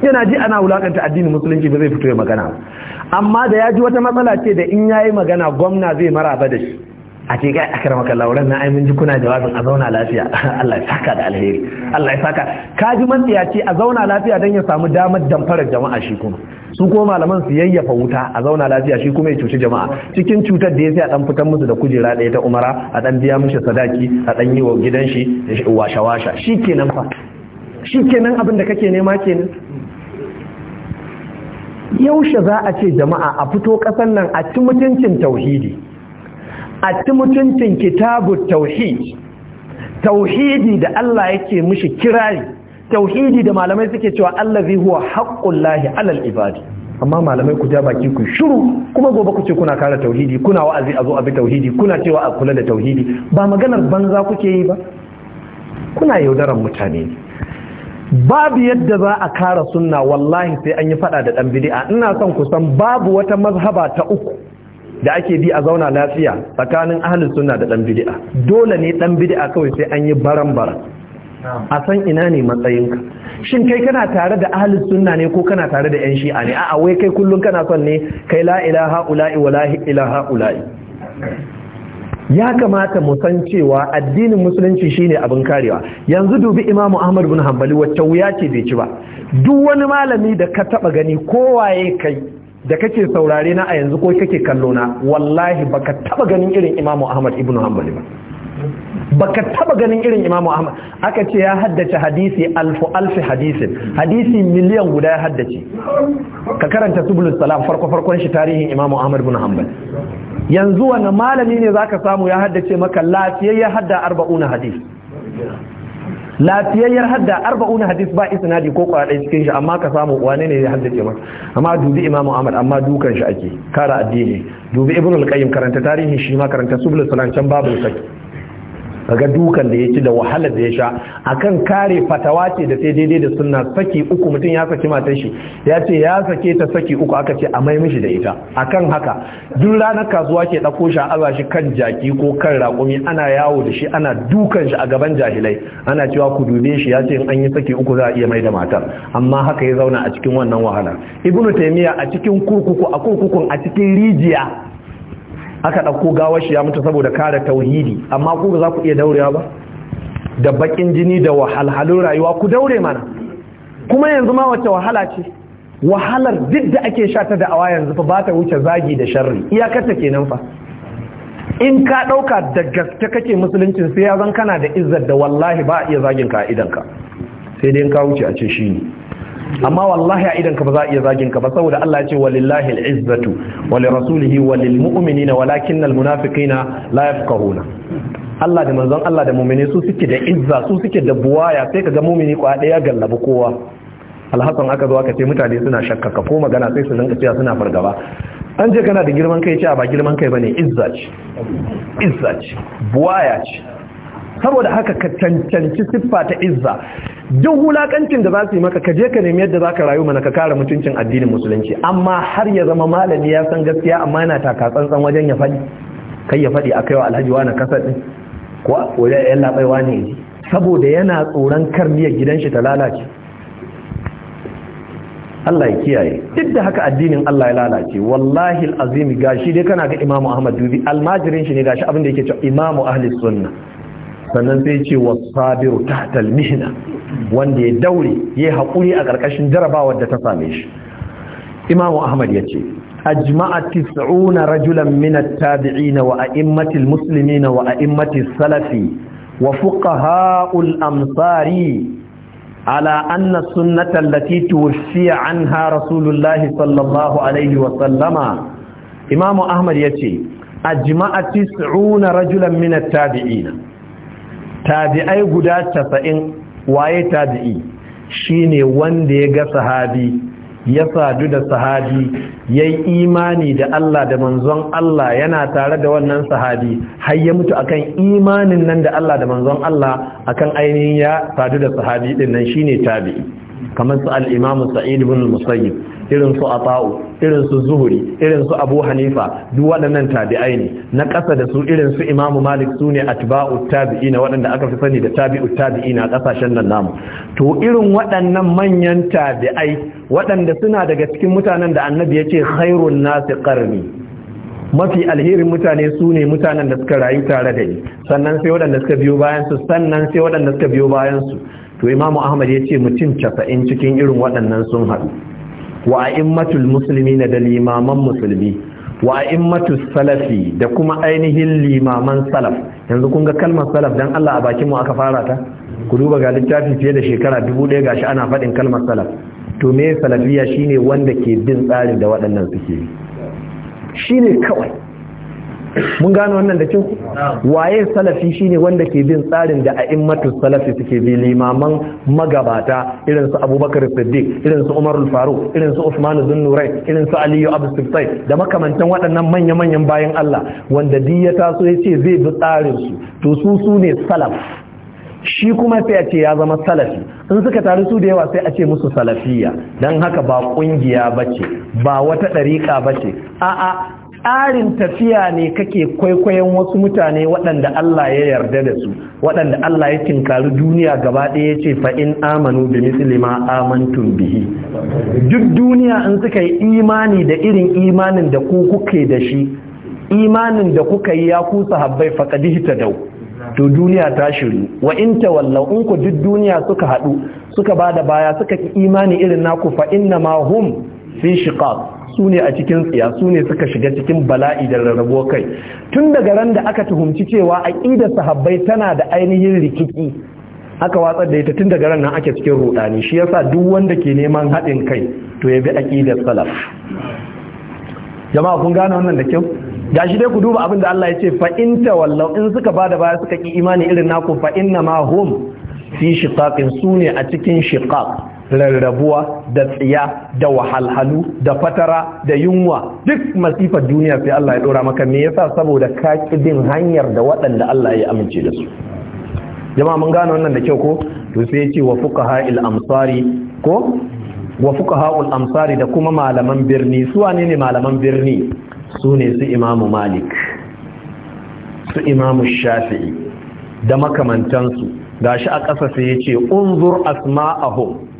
yana ji ana wulakanta addinin musulunci ba zai fito ya magana amma da ya ji wata matsala ce da in ya yi magana gwamna zai maraba da shi a ce kai akar maka lauran na aimin ji kuna jawabin a zauna lafiya Allah ya saka da alheri Allah ya saka ka ji mantsiya ce a zauna lafiya dan ya samu damar damfarar jama'a shi kuma su ko malaman su yayyafa wuta a zauna lafiya shi kuma ya cuci jama'a cikin cutar da ya sai a dan fitan musu da kujera ɗaya ta umara a dan biya mishi sadaki a dan yi wa gidan shi washa washa shikenan fa shikenan abin da kake nema kenan yaushe za a ce jama'a a fito ƙasar nan a ci mutuncin tauhidi a ci mutuncin kitabu tauhid tauhidi da Allah yake mishi kirari tauhidi da malamai suke cewa Allah zai huwa lahi, alal ibadi amma malamai ku ja baki ku shiru kuma gobe ku ce kuna kara tauhidi kuna wa'azi a zo a bi tauhidi kuna cewa a kula da tauhidi ba maganar banza kuke yi ba kuna yaudaran mutane ne. babu yadda za a kara sunna wallahi sai an yi fada da dan bid'a ina son ku san babu wata mazhaba ta uku da ake bi a zauna lafiya tsakanin ahlus sunna da dan bid'a dole ne dan bid'a kawai sai an yi baran baran a san ina ne matsayinka shin kai kana tare da ahlus sunna ne ko kana tare da yan shi'a ne a'a wai kai kullun kana son ne kai la ilaha ula'i wa ilaha ula'i ya kamata mu san cewa addinin musulunci shine abin karewa yanzu dubi imamu ahmad bin hanbali wacce wuya ce bai ci ba duk wani malami da ka taba gani kowaye kai da kake saurare na a yanzu ko kake kallo na wallahi baka taba ganin irin imamu ahmad ibn hanbali ba baka taba ganin irin imamu ahmad aka ce ya haddace hadisi alfu alfi hadisin hadisi miliyan guda ya haddace ka karanta subulus salam farko farkon shi tarihin imamu ahmad bin hanbal yanzu wani malami ne zaka samu ya haddace maka lafiyayyar hadda arba'una hadis lafiyayyar hadda arba'una hadis ba isnadi ko kwara cikin shi amma ka samu wane ne ya haddace maka amma dubi imamu ahmad amma dukan shi ake kara addini dubi ibnu al-qayyim karanta tarihin shi ma karanta subulus salam can babu saki kaga dukan da ya ci da wahalar da ya sha akan kare fatawa ce da sai daidai da sunna saki uku mutum ya saki matar shi ya ce ya sake ta saki uku aka ce a mai mishi da ita akan haka duk ranar kasuwa ke ɗauko shi a shi kan jaki ko kan raƙumi ana yawo da shi ana dukan shi a gaban jahilai ana cewa ku dube shi ya ce in an yi saki uku za a iya mai da matar amma haka ya zauna a cikin wannan wahala ibnu taymiya a cikin kurkuku a kurkukun a cikin rijiya aka ɗauko gawar shi ya mutu saboda kare tauhidi amma ku ba za ku iya daurewa ba da bakin jini da wahalhalun rayuwa ku daure mana kuma yanzu ma wace wahala ce wahalar duk da ake sha ta da'awa yanzu fa ba ta wuce zagi da sharri iyakarta kenan fa in ka ɗauka da gaske kake musuluncin sai ya zan kana da izzar da wallahi ba a iya zagin ka ka. sai dai in ka wuce a ce shi ne amma wallahi a idan ka ba za a iya zagin ka ba saboda Allah ya ce walillahi al'izzatu wa rasulihi wa walakin al munafiqina la yafqahuna Allah da manzon Allah da mu'mini su suke da izza su suke da buwaya sai kaga mu'mini kwa daya gallabi kowa alhassan aka zo aka ce mutane suna shakkaka ko magana sai su rinka suna fargaba an ce kana da girman kai ce ba girman kai bane izza ce izza ce buwaya ce saboda haka ka cancanci siffa ta izza duk wulakancin da za su yi maka ka je ka nemi yadda za ka rayu mana ka kare mutuncin addinin musulunci amma har ya zama malami ya san gaskiya amma yana taka tsantsan wajen ya faɗi kai ya faɗi akai wa alhaji wani kasa ɗin ko a koyar yan labaiwa ne saboda yana tsoron karniyar gidan shi ta lalace Allah ya kiyaye duk da haka addinin Allah ya lalace wallahi alazim gashi dai kana ga Imam Ahmad Dubi almajirin shi ne gashi abin da yake cewa Imam Ahlus Sunnah sannan sai ce wa sabiru ta talmihina wanda ya daure ya yi haƙuri a ƙarƙashin jarabawar da ta same shi imamu ahmad ya ce ajma'a tis'una rajulan min at-tabi'ina wa a'immati al-muslimina wa a'immati as-salafi wa fuqaha'ul amsari ala anna sunnata allati tuwfiya anha rasulullahi sallallahu alayhi wa sallama imamu ahmad ya ce ajma'a tis'una rajulan min tabiina tabi'ai guda casa'in waye tabi'i shine wanda ya ga sahabi ya sadu da sahabi ya yi imani da Allah da manzon Allah yana tare da wannan sahabi har ya mutu akan imanin nan da Allah da manzon Allah akan ainihin ya sadu da sahabi din nan shine tabi'i kamar su al-Imam Sa'id ibn Musayyib irin su ata'u irin su zuhuri irin su abu hanifa duk waɗannan tabi'ai ne na ƙasa da su irin su imamu malik su ne Tabi'i na waɗanda aka fi sani da tabi'u tabi'i na ƙasashen nan namu to irin waɗannan manyan tabi'ai waɗanda suna daga cikin mutanen da annabi ya ce khairun nasi qarni mafi alherin mutane su ne mutanen da suka rayu tare da ni sannan sai waɗanda suka biyo bayan su sannan sai waɗanda suka biyo bayan su to imamu ahmad ya ce mutum casa'in cikin irin waɗannan sun haɗu wa musulmi na da limaman musulmi wa a'immatus salafi da kuma ainihin limaman salaf yanzu kun ga kalmar salaf dan Allah a bakin mu aka fara ta ku duba ga littafi fiye da shekara dubu 1000 gashi ana faɗin kalmar salaf to me salafiya shine wanda ke bin tsarin da waɗannan suke shine kawai mun gano wannan da kyau waye salafi shine wanda ke bin tsarin da a'immatu salafi suke bi limaman magabata irin su Abubakar Siddiq irin su Umar al-Faruq irin su Uthman az irin su Ali ibn Sufyan da makamantan waɗannan manya manyan bayan Allah wanda duk ya taso ce zai bi tsarin su to su su ne salaf shi kuma sai a ce ya zama salafi in suka taru su da yawa sai a ce musu salafiya don haka ba kungiya ba ce ba wata ɗariƙa ba ce a'a tsarin tafiya ne kake kwaikwayon wasu mutane waɗanda Allah ya yarda da su waɗanda Allah ya tinkari duniya gaba ɗaya ya ce fa'in amanu bi misli amantun bihi duk duniya in suka yi imani da irin imanin da ku kuke da shi imanin da kuka yi ya ku sahabbai faƙadihi ta dau to duniya ta shiru wa in tawallau in ku duk duniya suka haɗu suka ba da baya suka ki imani irin naku fa inna ma hum fi shiqaq su ne a cikin tsiya su ne suka shiga cikin bala'i da rarrabo kai tun daga ran da aka tuhumci cewa aƙidar sahabbai tana da ainihin rikici aka watsar da ita tun daga ran nan ake cikin rudani shi yasa duk wanda ke neman haɗin kai to ya bi aqidar salaf jama'a kun gane wannan da kyau gashi dai ku duba abin da Allah ya ce fa in tawallaw in suka bada baya suka ki imani irin naku fa inna ma hum fi shiqaqin sune a cikin shiqaq rarrabuwa da tsiya da wahalhalu da fatara da yunwa duk masifar duniya sai Allah ya dora maka me yasa saboda ka hanyar da waɗanda Allah ya amince da su jama'a mun gane wannan da kyau ko to sai ya ce wa fuqaha il amsari ko wa fuqaha al amsari da kuma malaman birni su wane ne malaman birni su ne su imamu malik su imamu shafi'i da makamantansu gashi a ƙasa sai ya ce unzur asma'ahum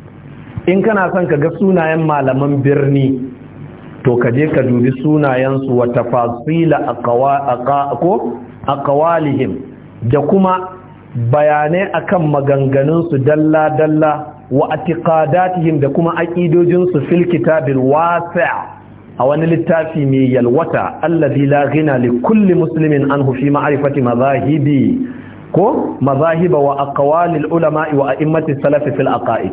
in kana son ka ga sunayen malaman birni to ka je ka dubi sunayensu wa tafasila aqwalihim da kuma bayanai akan maganganunsu dalla-dalla wa atiqadatihim da kuma aƙidodinsu fil kitabil a wani littafi mai yalwata allazi la ghina li kulli muslimin anhu fi ma'rifati mazahibi ko mazahiba wa aqwalil ulama wa a'immati salafi fil aqaid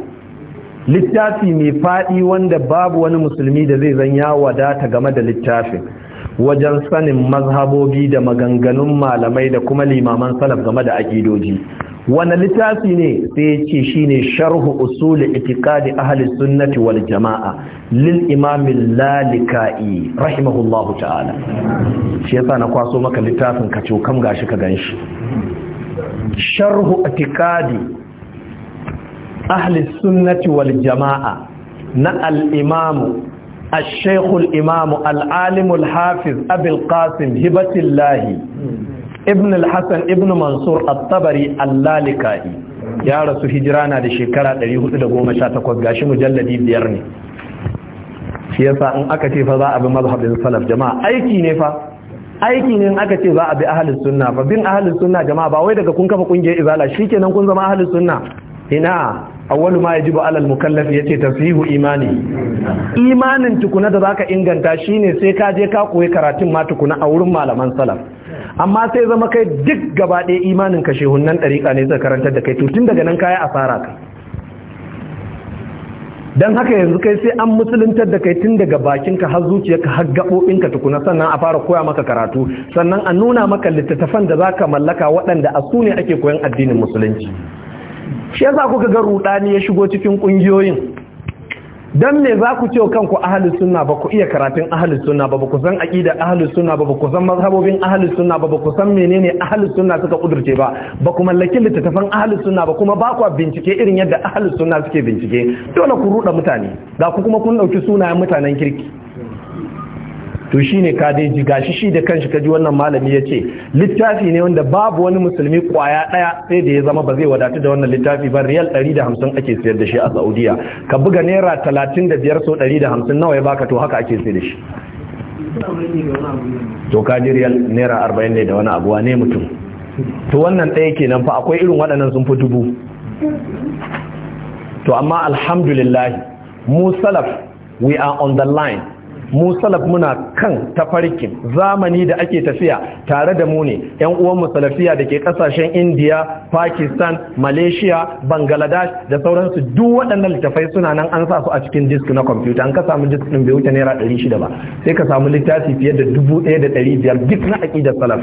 littafi mai faɗi wanda babu wani musulmi da zai zanya wadata game da littafin wajen sanin mazhabobi da maganganun malamai da kuma limaman salaf game da akidoji wani littafi ne sai ya ce shi ne sharhu usuli itikadi ahli sunnati wal jama'a lil imamin lalika'i rahimahullahu ta'ala shi yasa na kwaso maka littafin ka kam gashi ka ganshi sharhu itikadi ahli sunnati wal jama'a na al-imam الشيخ الإمام العالم الحافظ أبي Ibn هبة الله ابن الحسن ابن منصور الطبري اللالكائي ya rasu hijira na da shekara 418 gashi mujalladi biyar ne shi yasa in aka ce fa za a bi mazhabin salaf jama'a aiki ne fa aiki ne in aka ce za a bi ahlus sunna fa bin ahlus sunna jama'a ba wai daga kun kafa kungiyar izala shikenan kun zama ahlus sunna ina awwalu ma yajibu alal mukallaf yace tafihu imani imanin tukuna da zaka inganta shine sai ka je ka koyi karatun ma tukuna a wurin malaman salaf amma sai zama kai duk gaba ɗaya imanin ka shehunnan ɗariƙa ne zaka karantar da kai to tun daga nan kai asara kai don haka yanzu kai sai an musuluntar da kai tun daga bakinka har zuciyarka har ka tukuna sannan a fara koya maka karatu sannan a nuna maka littattafan da zaka mallaka waɗanda a su ne ake koyan addinin musulunci shi yasa kuka ga rudani ya shigo cikin kungiyoyin dan me za ku ce kanku ahlus sunna ba ku iya karatun ahlus sunna ba ba ku san aqida ahlus sunna ba ba ku san mazhabobin ahlus sunna ba ba ku san menene ahlus sunna suka kudurce ba ba ku mallaki littattafan ahlus sunna ba kuma ba ku bincike irin yadda ahlus sunna suke bincike dole ku ruda mutane da ku kuma kun dauki sunayen mutanen kirki to shi ne ka dai ji gashi shi da kanshi kaji wannan malami ya ce littafi ne wanda babu wani musulmi kwaya daya sai da ya zama ba zai wadatu da wannan littafi ba riyal 150 ake sayar da shi a Saudiya ka buga naira 35 so 150 nawa ya baka to haka ake sayar da shi to ka ji riyal naira 40 ne da wani abuwa ne mutum to wannan ɗaya kenan fa akwai irin waɗannan sun fi dubu to amma alhamdulillah mu salaf we are on the line mu salaf muna kan tafarkin zamani da ake tafiya tare da mu ne yan uwan mu salafiya da ke kasashen India Pakistan Malaysia Bangladesh da sauransu duk waɗannan littafai suna nan an sa su a cikin disk na kwamfuta an ka samu disk din bai wuce naira 600 ba sai ka samu littafi fiye da 1500 duk na aqidar salaf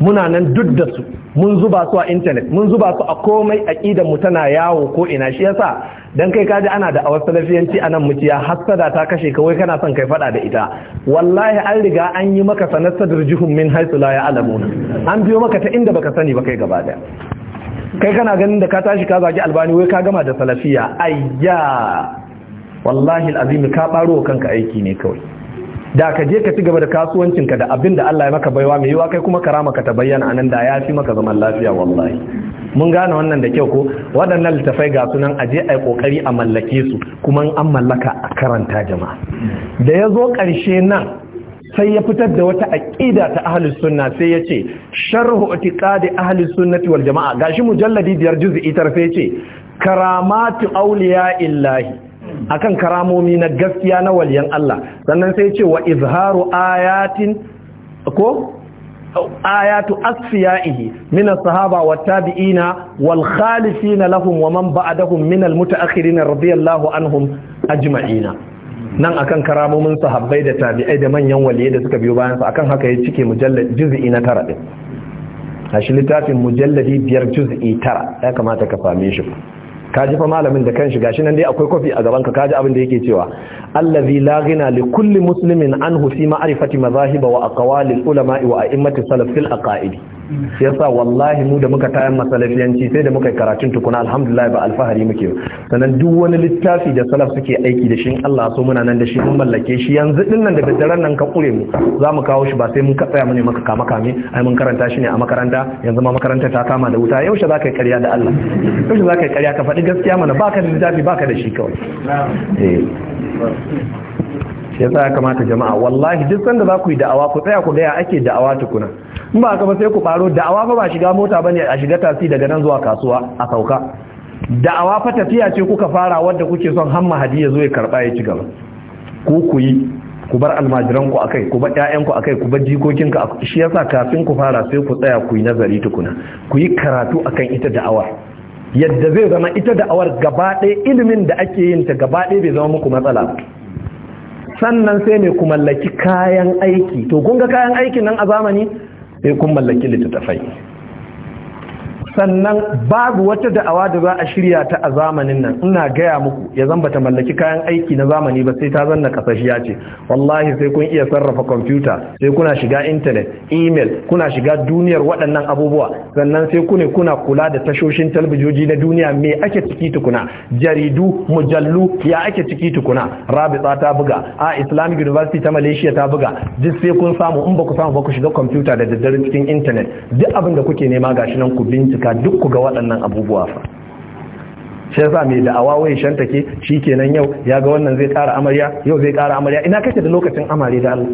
muna nan duk da su mun zuba su a intanet mun zuba su a komai aqidar mu tana yawo ko ina shi yasa dan kai kaji ana da awar salafiyanci a nan muciya hassada ta kashe ka wai kana son kai fada da ita wallahi an riga an yi maka sanar sadar jihun min haisu la ya'lamun an biyo maka ta inda baka sani ba kai gaba daya kai kana ganin da ka tashi ka zagi albani wai ka gama da salafiya ayya wallahi alazim ka baro kanka aiki ne kawai da ka je ka ci gaba da kasuwancinka da abin da Allah ya maka baiwa mai yiwa kai kuma karama ka ta bayyana anan da ya fi maka zaman lafiya wallahi mun gane wannan da kyau ko waɗannan littafai ga sunan aje a yi ƙoƙari a mallake su kuma an mallaka a karanta jama'a da ya zo ƙarshe nan sai ya fitar da wata aƙida ta ahlus sunna sai ya ce sharhu itiqadi ahlus sunnati wal jama'a gashi mujalladi biyar juz'i tarfe sai ce karamatu awliya illahi akan karamomi na gaskiya na waliyan Allah sannan sai ya ce wa izharu ayatin ko ayatu asfiyaihi min as-sahaba والخالفين لهم ومن بعدهم lahum wa رضي الله min al ajma'ina nan akan karamomin sahabbai da tabi'ai da manyan waliyai da suka biyo bayan su akan haka ya cike mujallad juz'i na tara din a shi littafin mujalladi biyar juz'i tara ya kamata ka same shi ka ji fa malamin da shi gashi nan dai akwai kofi a gaban ka kaji abin da yake cewa allazi la ghina li kulli muslimin anhu fi ma'rifati mazahiba wa aqwalil ulama'i wa a'immati salaf fil aqaidi shi yasa wallahi mu da muka tayan masalafiyanci sai da muka yi karatun tukuna alhamdulillah ba alfahari muke sannan duk wani littafi da salaf suke aiki da shi Allah so muna nan da shi mun mallake shi yanzu din nan da daddaren nan ka kure mu za mu kawo shi ba sai mun katsaya mu ne maka kama kame ai mun karanta shi ne a makaranta yanzu ma makaranta ta kama da wuta yaushe za ka yi ƙarya da Allah yaushe za ka yi ƙarya ka faɗi gaskiya mana baka da littafi baka da shi kawai shi ya kamata jama'a wallahi duk sanda za ku yi da'awa ku tsaya ku gaya ake da'awa tukuna in ba ka ba sai ku baro da'awa fa ba shiga mota bane a shiga tasi daga nan zuwa kasuwa a sauka da'awa fa tafiya ce kuka fara wadda kuke son hamma hadiya zo ya karba ya ci gaba ku ku yi ku bar almajiran ku akai ku bar ƴaƴan ku akai ku bar jikokin ka shi yasa kafin ku fara sai ku tsaya ku yi nazari tukuna ku yi karatu akan ita da'awar yadda zai zama ita da'awar gaba ɗaya ilimin da ake yin ta gaba ɗaya bai zama muku matsala sannan sai mai ku mallaki kayan aiki to kun ga kayan aikin nan a zamani sai kun mallaki littattafai sannan babu wata da'awa da za a shirya ta a zamanin nan ina gaya muku ya zan bata mallaki kayan aiki na zamani ba sai ta zanna kasashiya ce wallahi sai kun iya sarrafa kwamfuta sai kuna shiga intanet email kuna shiga duniyar waɗannan abubuwa sannan sai ku kuna kula da tashoshin talbijoji na duniya me ake ciki tukuna jaridu mujallu ya ake ciki tukuna rabitsa ta buga a islamic university ta malaysia ta buga duk sai kun samu in ba ku samu ba ku shiga kwamfuta da daddare cikin intanet duk abin da kuke nema gashi nan ku bincika ka duk ku ga waɗannan abubuwa fa shi yasa mai da'awa wai shanta ke kenan yau ya ga wannan zai ƙara amarya yau zai ƙara amarya ina kake da lokacin amare da Allah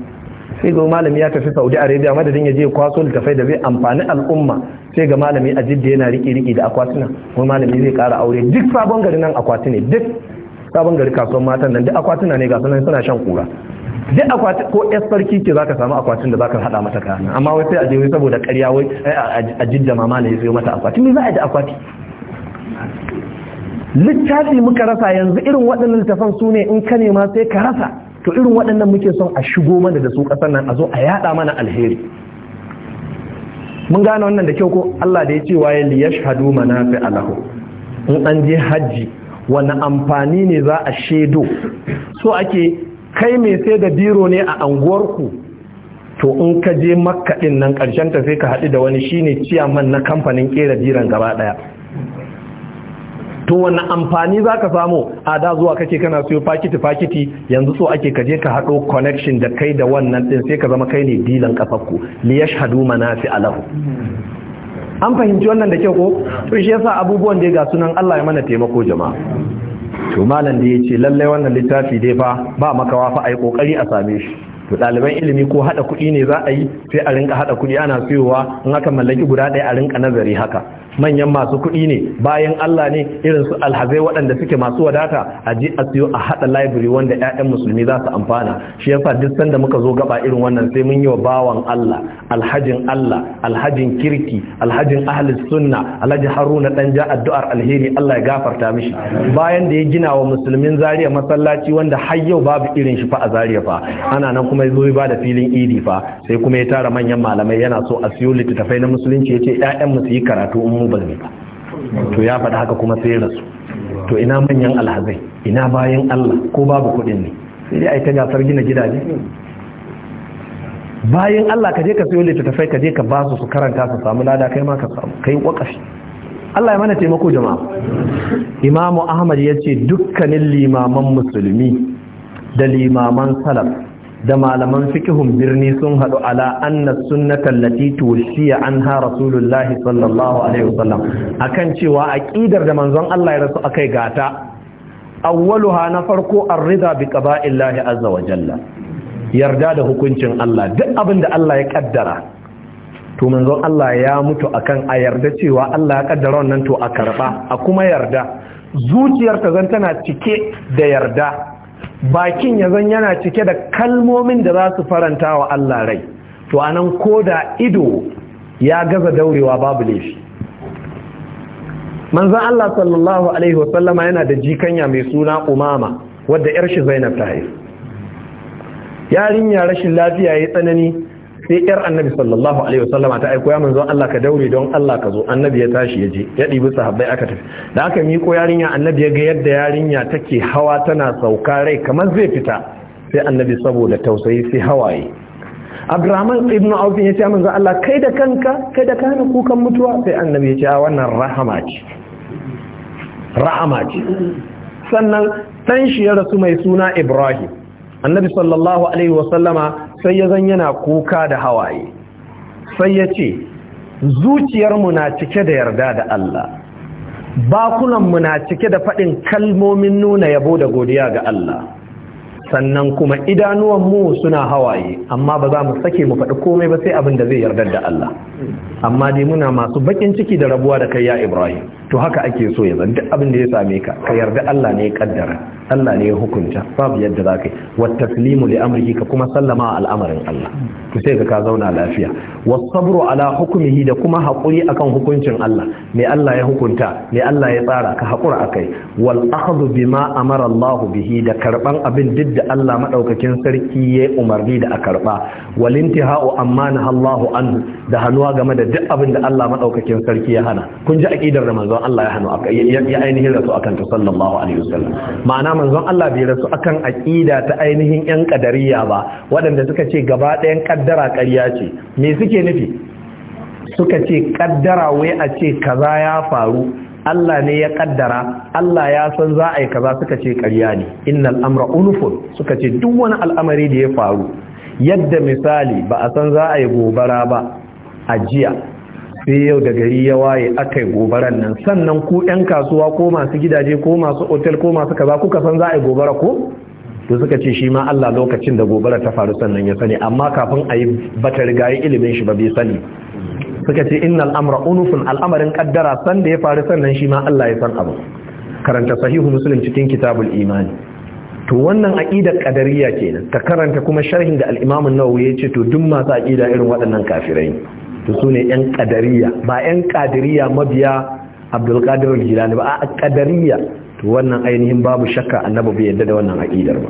sai ga malami ya tafi Saudi Arabia madadin ya je kwaso littafai da zai amfani al'umma sai ga malami a jidda yana riki riki da akwatuna kuma malami zai ƙara aure duk sabon gari nan akwati duk sabon gari kasuwar matan nan duk akwatuna ne ga sunan suna shan kura duk akwati ko yas sarki ke zaka samu akwatin da zaka hada mata kayan amma wai sai a je wai saboda ƙarya wai a jidda mama ne zai mata akwati me za a ji akwati littafi muka rasa yanzu irin waɗannan littafan su ne in ka nema sai ka rasa to irin waɗannan muke son a shigo mana da su ƙasar nan a zo a yaɗa mana alheri mun gane wannan da kyau ko Allah da ya ce waye li yashhadu fi alahu in an je hajji wani amfani ne za a shedo so ake kai mai sai da biro ne a anguwarku to in ka je makka din nan karshen ta sai ka haɗu da wani shine ciyaman na kamfanin kera biran gaba daya to wani amfani za ka samu a da zuwa kake kana siyo fakiti fakiti yanzu so ake kaje ka haɗo connection da kai da wannan din sai ka zama kai ne dilan kafakku liyash yashhadu manafi alahu an fahimci wannan da kyau ko to shi yasa abubuwan da ga sunan Allah ya mana taimako jama'a to malam da ya ce lallai wannan littafi dai fa ba makawa fa a yi kokari a same shi to ɗaliban ilimi ko haɗa kuɗi ne za a yi sai a rinka haɗa kuɗi ana siyowa in aka mallaki guda ɗaya a rinka nazari haka manyan masu kuɗi ne bayan Allah ne irin su alhazai waɗanda suke masu wadata a ji a siyo a haɗa library wanda 'ya'yan musulmi za su amfana shi yasa duk sanda muka zo gaba irin wannan sai mun yi wa bawan Allah alhajin Allah alhajin kirki alhajin ahli sunna alhaji Haruna dan ja addu'ar alheri Allah ya gafarta mishi bayan da ya gina wa musulmin zariya masallaci wanda har yau babu irin shi fa a zariya fa ana nan kuma ya zo ba da filin Idi fa sai kuma ya tara manyan malamai yana so a siyo littattafai na musulunci yace 'ya'yan mu su yi karatu in mu ba to ya faɗa haka kuma sai rasu to ina manyan alhazai ina bayan Allah ko babu kuɗin ne sai dai a yi ta gasar gina gidaje bayan Allah ka je ka sayo littattafai ka je ka ba su su karanta su samu lada kai ma ka samu kai wakashi Allah ya mana taimako jama'a Imam Ahmad ya ce dukkanin limaman musulmi da limaman salaf da malaman fikihun birni sun haɗu ala Annas, sunnatan lati tuwsiya anha rasulullahi sallallahu alaihi wasallam akan cewa aqidar da manzon Allah ya rasu akai gata awwaluha na farko ar-ridha bi qada'illahi azza wa jalla yarda da hukuncin Allah duk abin da Allah ya kaddara to manzon Allah ya mutu akan a yarda cewa Allah ya kaddara wannan to a karba a kuma yarda zuciyar ta zan tana cike da yarda bakin ya zan yana cike da kalmomin da za su faranta wa Allah rai to anan ko da ido ya gaza daurewa babu laifi manzan Allah sallallahu alaihi wasallama yana da jikanya mai suna umama wadda yar shi zainab ta haifu Yarinya rashin lafiya ya yi tsanani sai yar annabi sallallahu alaihi wasallama ta aiko ya manzon Allah ka daure don Allah ka zo annabi ya tashi ya je ya ɗibi sahabbai aka tafi da aka miko yarinya annabi ya ga yadda yarinya take hawa tana sauka rai kamar zai fita sai annabi saboda tausayi sai hawaye abdurrahman ibnu auf ya ce manzon Allah kai da kanka kai da kana kukan mutuwa sai annabi ya ce wannan rahama ce rahama ce sannan dan shi ya rasu mai suna ibrahim annabi sallallahu alaihi wasallama sai ya zan yana kuka da hawaye sai ya ce zuciyarmu na cike da yarda da Allah bakunanmu na cike da faɗin kalmomin nuna yabo da godiya ga Allah sannan kuma idanuwanmu suna hawaye amma ba za mu sake mu faɗi komai ba sai abin da zai yarda da Allah amma dai muna masu bakin ciki da rabuwa da kai ya Ibrahim to haka ake so ya duk abin da ya same ka ka yarda Allah ne ya kaddara Allah ne ya hukunta babu yadda za ka yi wa taslimu li amrihi ka kuma sallama al'amarin Allah to sai ka ka zauna lafiya was sabru ala hukmihi da kuma hakuri akan hukuncin Allah me Allah ya hukunta me Allah ya tsara ka hakura akai wal akhdhu bima amara Allah bihi da karban abin duk da Allah madaukakin sarki ya umarni da a karba wal intihau amma nahallahu anhu da hannuwa takawa game da duk abin da Allah madaukakin sarki ya hana kun ji aƙidar da manzon Allah ya hana ya ainihin rasu akan ta sallallahu alaihi wasallam ma'ana manzon Allah bai rasu akan aƙida ta ainihin yan kadariya ba waɗanda suka ce gaba ɗayan kaddara ƙarya ce me suke nufi suka ce kaddara wai a ce kaza ya faru Allah ne ya kaddara Allah ya san za a yi kaza suka ce ƙarya ne innal amra unufun suka ce duk wani al'amari da ya faru yadda misali ba a san za a yi gobara ba a jiya sai yau da gari ya waye aka yi gobaran nan sannan ku 'yan kasuwa ko masu gidaje ko masu otel ko masu kaza kuka san za a yi gobara ko to suka ce shi ma Allah lokacin da gobara ta faru sannan ya sani amma kafin a yi bata riga ilimin shi ba bai sani suka ce inna al'amura unufun al'amarin kaddara san da ya faru sannan shi ma Allah ya san abu karanta sahihu muslim cikin kitabul imani to wannan aqidar qadariyya kenan ta karanta kuma sharhin da al-imam an-nawawi ya ce to duk masu aqida irin waɗannan kafirai to su ne yan kadariya ba yan kadiriya mabiya abdulkadir jilani ba a kadariya to wannan ainihin babu shakka annabi bai yadda da wannan aƙidar ba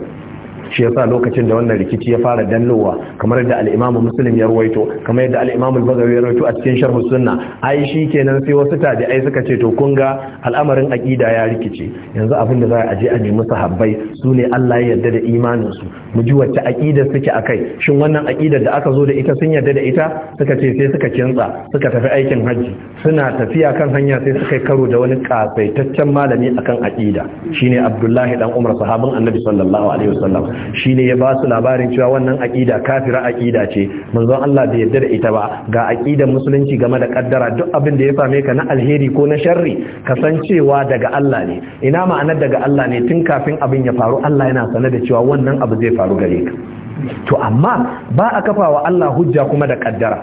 shi yasa lokacin da wannan rikici ya fara dannowa kamar da al-Imam Muslim ya rawaito kamar yadda al-Imam al ya rawaito a cikin Sharh Sunna ai shikenan sai wasu tabi'ai suka ce to kun ga al'amarin aqida ya rikice yanzu abin da za a je a nemi sahabbai su ne Allah ya yarda da imanin su mu ji wacce aqida suke akai shin wannan aqidar da aka zo da ita sun yarda da ita suka ce sai suka kintsa suka tafi aikin hajji suna tafiya kan hanya sai suka karo da wani kasaitaccen malami akan aqida shine Abdullahi dan Umar sahabin Annabi sallallahu alaihi wasallam Shi ne ya ba su labarin cewa wannan aƙida kafira aƙida ce manzon Allah bai yarda da ita ba ga aƙidar musulunci game da kaddara duk abin da ya same ka na alheri ko na sharri kasancewa daga Allah ne ina ma'anar daga Allah ne tun kafin abin ya faru Allah yana sane da cewa wannan abu zai faru gare ka to amma ba a kafa wa Allah hujja kuma da kaddara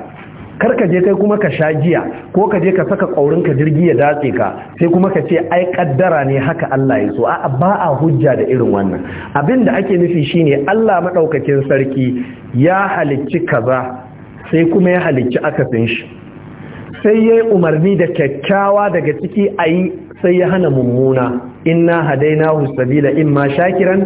kar ka je kai kuma ka sha jiya ko ka je ka saka ƙaurin ka jirgi ya datse ka sai kuma ka ce ai kaddara ne haka Allah ya so a'a ba a hujja da irin wannan abin da ake nufi shine Allah madaukakin sarki ya halicci kaza sai kuma ya halicci akasin shi sai yayi umarni da kyakkyawa daga ciki ayi sai ya hana mummuna inna hu sabila imma shakiran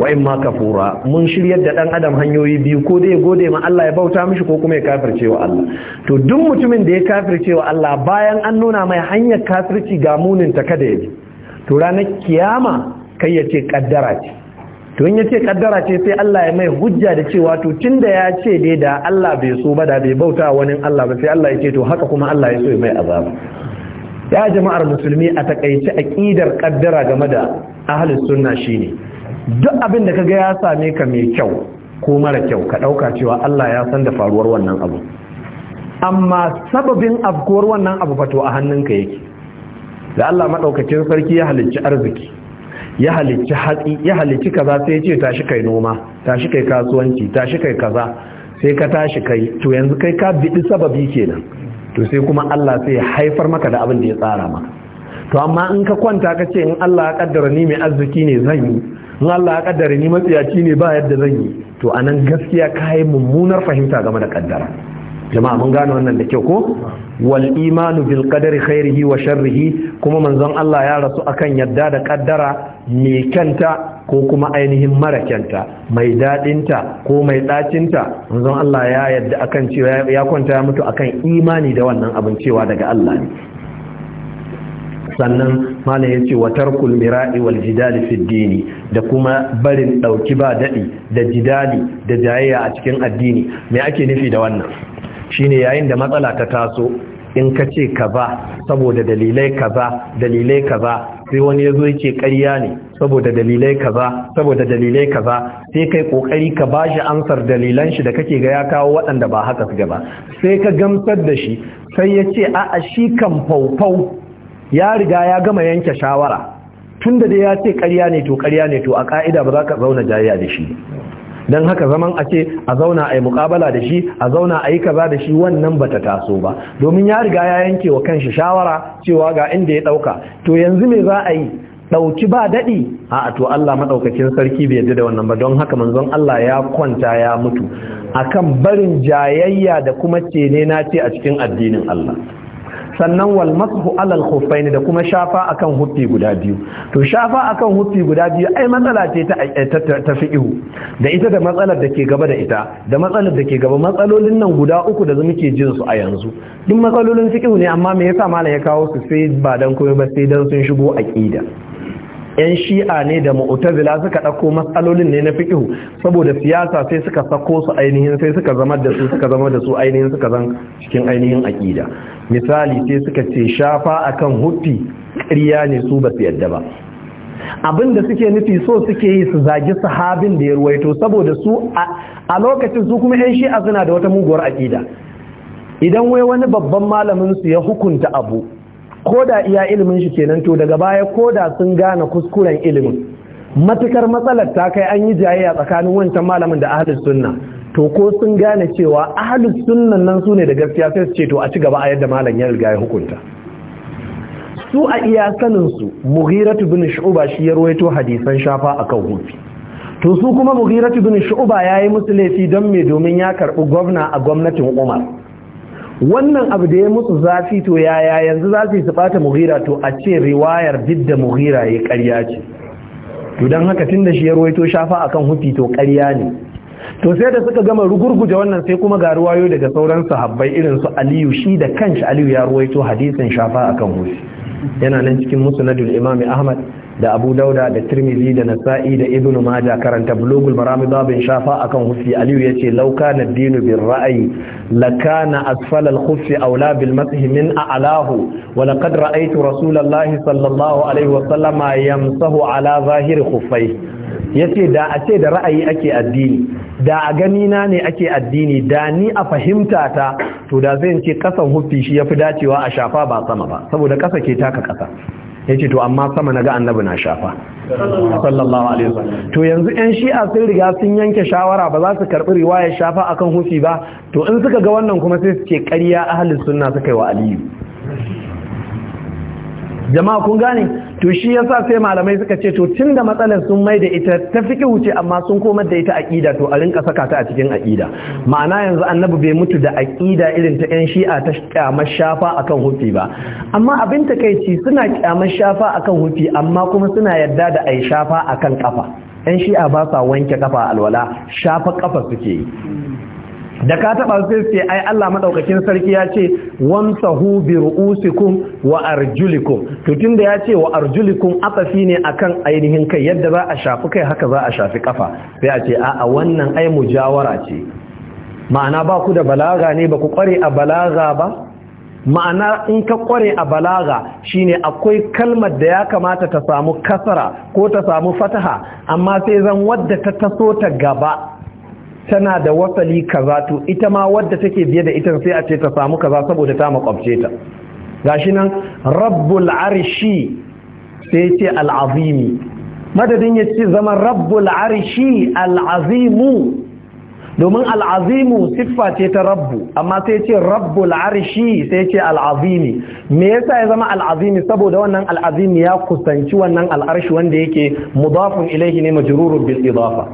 wa imma kafura mun shiryar da dan adam hanyoyi biyu ko dai gode ma Allah ya bauta mishi ko kuma ya kafirce wa Allah to duk mutumin da ya kafirce wa Allah bayan an nuna mai hanyar kafirci ga munin ta kada ya to ranar kiyama kai ya ce kaddara ce to in ya ce kaddara ce sai Allah ya mai hujja da cewa to tunda ya ce dai da Allah bai so ba da bai bauta wani Allah ba sai Allah ya ce to haka kuma Allah ya so ya mai azaba ya jama'ar musulmi a takaice aqidar kaddara game da ahlus sunna shine duk abin da kaga ya same ka mai kyau ko mara kyau ka dauka cewa Allah ya san da faruwar wannan abu amma sababin afkuwar wannan abu fa to a hannunka yake da Allah madaukakin sarki ya halicci arziki ya halicci hatsi ya halicci kaza sai ya ce tashi kai noma tashi kai kasuwanci tashi kai kaza sai ka tashi kai to yanzu kai ka bidi sababi kenan to sai kuma Allah sai haifar maka da abin da ya tsara maka to amma in ka kwanta ka ce in Allah ya kaddara ni mai arziki ne zan yi in Allah ya kaddara ni matsiyaci ne ba yadda zan yi to anan gaskiya ka yi mummunar fahimta game da kaddara jama'a mun gane wannan da kyau ko wal imanu bil qadari khairihi wa sharrihi kuma manzon Allah ya rasu akan yadda da kaddara mai kyanta ko kuma ainihin mara kyanta mai dadinta ko mai dacinta manzon Allah ya yadda akan cewa ya kwanta ya mutu akan imani da wannan abin cewa daga Allah ne sannan malam ya ce watar kulmira'i wal jidali fiddini da kuma barin ɗauki ba daɗi da jidali da jayayya a cikin addini me ake nufi da wannan shine yayin da matsala ta taso in ka ce kaza saboda dalilai kaza dalilai kaza sai wani ya yazo yake karya ne saboda dalilai kaza saboda dalilai kaza sai kai kokari ka bashi amsar dalilan shi da kake ga ya kawo waɗanda ba haka su gaba sai ka gamsar da shi sai ya ce a'a shi kan faufau ya riga ya gama yanke shawara tunda da ya ce ƙarya ne to ƙarya ne to a ka'ida ba za ka zauna jayya da shi don haka zaman a ce a zauna a yi mukabala da shi a zauna a yi kaza da shi wannan bata taso ba domin ya riga ya yanke wa kanshi shawara cewa ga inda ya ɗauka to yanzu me za a yi ɗauki ba daɗi a to Allah maɗaukakin sarki bai yadda da wannan ba don haka manzon Allah ya kwanta ya mutu akan barin jayayya da kuma cene na ce a cikin addinin Allah sannan wal masu alal ne da kuma shafa akan hufi guda biyu to shafa akan hufi guda biyu ai matsala ce ta eh, fi ihu da ita da matsalar da ke gaba da ita da matsalar da ke gaba matsalolin nan guda uku da muke jin su a yanzu duk matsalolin fiqhu ne amma me yasa malam ya kawo su sai ba dan komai ba sai dan sun shigo aqida yan shi'a ne da mu'tazila suka ɗauko matsalolin ne na fiqhu saboda siyasa sai suka sako su ainihin sai suka zama da su suka zama da su ainihin suka zan cikin ainihin aƙida. misali sai suka ce shafa akan huffi ƙarya ne su ba su yadda ba abin da suke nufi so suke yi su zagi sahabin da ya ruwaito saboda su a lokacin su kuma yan shi'a suna da wata muguwar aƙida. idan wai wani babban malamin su ya hukunta abu ko da iya ilimin shi kenan to daga baya ko da sun gane kuskuren ilimin matukar matsalar ta kai an yi jayayya tsakanin wancan malamin da ahlus sunna to ko sun gane cewa ahlus sunna nan sune da gaskiya sai su ce to a ci gaba a yadda malam ya riga ya hukunta su a iya sanin su mughiratu bin shu'ba shi ya ruwaito hadisan shafa akan hufi to su kuma mughiratu bin shu'ba yayi musu laifi don me domin ya karbi gwamna a gwamnatin Umar wannan abu da ya musu zafi to yaya yanzu za su yi su bata muhira to a ce riwayar didda muhira ya karya ce to don haka tun da shi ya ruwaito shafa akan hufi to karya ne to sai da suka gama rugurguje wannan sai kuma ga ruwayo daga sauran sahabbai irin su aliyu shi da kanshi aliyu ya ruwaito hadisin shafa akan hufi yana nan cikin musnadul imami ahmad da abu dauda da tirmizi da nasa'i da ibnu maja karanta bulugul marami babin shafa akan hufi aliyu ya ce lauka na dinu bin ra'ayi lakana na al-hufi a bil matsihi min alahu wa laqad ra'aytu rasulullahi sallallahu alaihi wa yamsahu ala zahir khufai yace da a ce da ra'ayi ake addini da a gani na ne ake addini da ni a fahimta ta to da zan ce kasan hufi shi ya fi dacewa a shafa ba sama ba saboda kasa ke taka kasa ya ce to amma sama na ga annabi na shafa sallallahu alaihi wasallam to yanzu yan shi'a sun riga sun yanke shawara ba za su karbi riwayar shafa akan hufi ba to in suka ga wannan kuma sai su ce ƙarya ahlus sunna suka yi wa aliyu jama'a kun gane to shi yasa sai malamai suka ce to tunda matsalar sun mai da ita ta fiki wuce amma sun komar da ita aqida to a rinka saka ta a cikin aqida ma'ana yanzu annabi bai mutu da aqida irin ta yan shi'a ta kyamar shafa akan hufi ba amma abin takeici suna kyamar shafa akan hufi amma kuma suna yadda da ai shafa akan kafa yan shi'a ba sa wanke kafa alwala shafa kafa suke yi da ka taba sai ce ai Allah madaukakin sarki ya ce wamsahu bi ru'usikum wa arjulikum to tunda ya ce wa arjulikum fi ne akan ainihin kai yadda za a shafi kai haka za a shafi kafa sai a ce a'a wannan ai mujawara ce ma'ana ba ku da balaga ne ba ku kware a balaga ba ma'ana in ka kware a balaga shine akwai kalmar da ya kamata ta samu kasara ko ta samu fataha amma sai zan wadda ta taso ta gaba tana da wasali kaza to ita ma wadda take biye da ita sai a ce ta samu kaza saboda ta makwabce ta gashi nan rabbul arshi sai ce al'azimi madadin ya ce zama rabbul arshi al'azimu domin al'azimu siffa ce ta rabbu amma sai ce rabbu al'arshi sai ce al'azimi me yasa ya zama al'azimi saboda wannan al'azimi ya kusanci wannan al'arshi wanda yake mudafun ilaihi ne majrurun bil idafa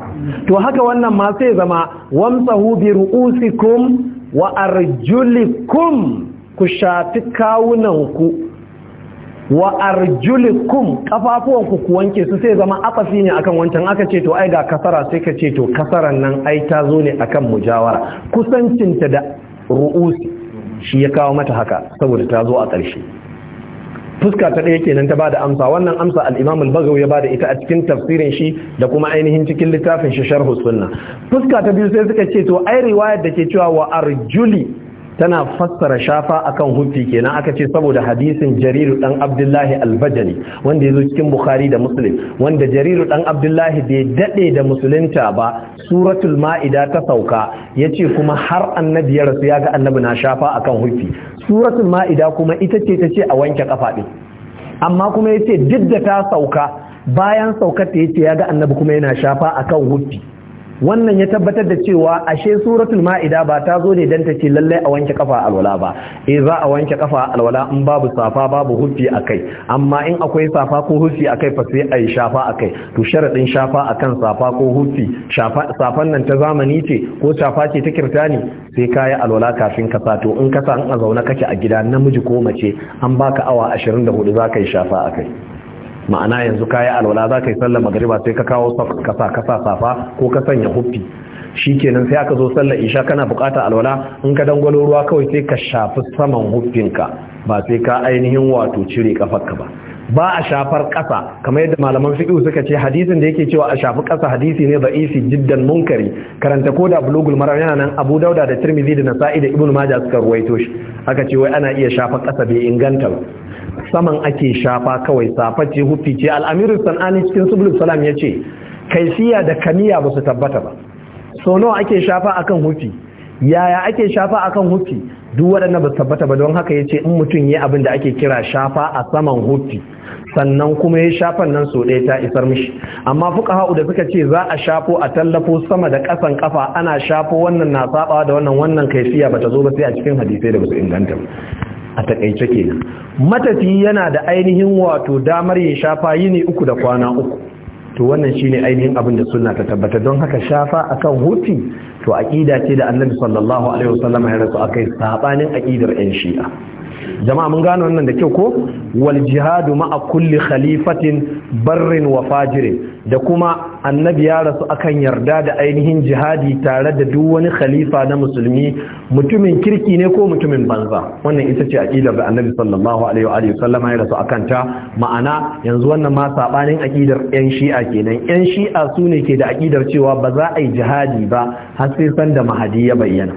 to haka wannan ma sai zama wamsahu bi ru'usikum wa arjulikum ku shafi kawunanku wa arjulikum kafafuwanku ku wanke su sai zama akasi ne akan wancan aka ce to ai ga kasara sai ka ce to kasaran nan ai ta zo ne akan mujawara kusancinta da ru'usi shi ya kawo mata haka saboda ta zo a ƙarshe fuska ta ɗaya kenan ta bada amsa wannan amsa al-Imam al-Baghawi ya bada ita a cikin tafsirin shi da kuma ainihin cikin littafin shi Sharh Sunna fuska ta biyu sai suka ce to ai riwayar da ke cewa wa arjuli tana fassara shafa akan hufi kenan aka ce saboda hadisin jariru dan abdullahi albajani wanda ya zo cikin bukhari da muslim wanda jariru dan abdullahi bai dade da musulunta ba suratul ma'ida ta sauka yace kuma har annabi ya rasu ya ga annabi na shafa akan hufi suratul ma'ida kuma ita ce ta ce a wanke kafa din amma kuma yace duk da ta sauka bayan saukar ta yace ya ga annabi kuma yana shafa akan hufi wannan ya tabbatar da cewa ashe suratul ma'ida ba ta zo ne dan ta ce lalle a wanke kafa alwala ba eh za a wanke kafa alwala in babu safa babu hufi akai amma in akwai safa ko hufi akai fa sai ai shafa akai to sharadin shafa akan safa ko hufi shafa safan nan ta zamani ce ko safa ce ta kirtani sai kayi alwala kafin ka sato in ka in a zauna kake a gida namiji ko mace an baka awa 24 za ka yi shafa akai ma'ana yanzu kayi alwala za ka yi sallar magariba sai ka kawo kasa kasa safa ko ka sanya huffi kenan sai aka zo sallar isha kana bukata alwala in ka dangwalo ruwa kawai sai ka shafi saman huffinka ba sai ka ainihin wato cire kafarka ba ba a shafar ƙasa kamar yadda malaman fiƙi suka ce hadisin da yake cewa a shafi ƙasa hadisi ne isi jiddan munkari karanta ko da bulogul marar yana nan Abu Dauda da Tirmidhi da Nasa'i da Ibn Maja suka ruwaito shi aka ce wai ana iya shafa ƙasa bai inganta ba saman ake shafa kawai safa ce hufi ce al'amiru Sanani cikin Subul Salam ya ce kaisiya da kaniya ba su tabbata ba so nawa ake shafa akan hufi yaya ake shafa akan hufi duk waɗannan ba tabbata ba don haka ya ce in mutum ya abin da ake kira shafa a saman hutu sannan kuma ya shafan nan so ɗaya ta isar mishi amma fuka ha'u da suka ce za a shafo a tallafo sama da ƙasan kafa ana shafo wannan na sabawa da wannan wannan kaifiya ba ta zo ba sai a cikin hadisai da ba su inganta a takaice kenan matafi yana da ainihin wato damar ya shafa yini uku da kwana uku to wannan shine ainihin abin da sunna ta tabbata don haka shafa akan huti to aqida ce da Annabi sallallahu alaihi wasallam ya rasu akai sabanin aqidar ɗan Shi'a jama'a mun gano wannan da kyau ko wal jihadu ma'a kulli khalifatin barrin wa fajirin da kuma annabi ya rasu akan yarda da ainihin jihadi tare da duk wani khalifa na musulmi mutumin kirki ne ko mutumin banza wannan ita ce aqidar da annabi sallallahu alaihi wa sallama ya rasu akan ta ma'ana yanzu wannan ma sabanin aqidar yan shi'a kenan yan shi'a sune ke da aqidar cewa ba za a yi jihadi ba har sai san da mahadi ya bayyana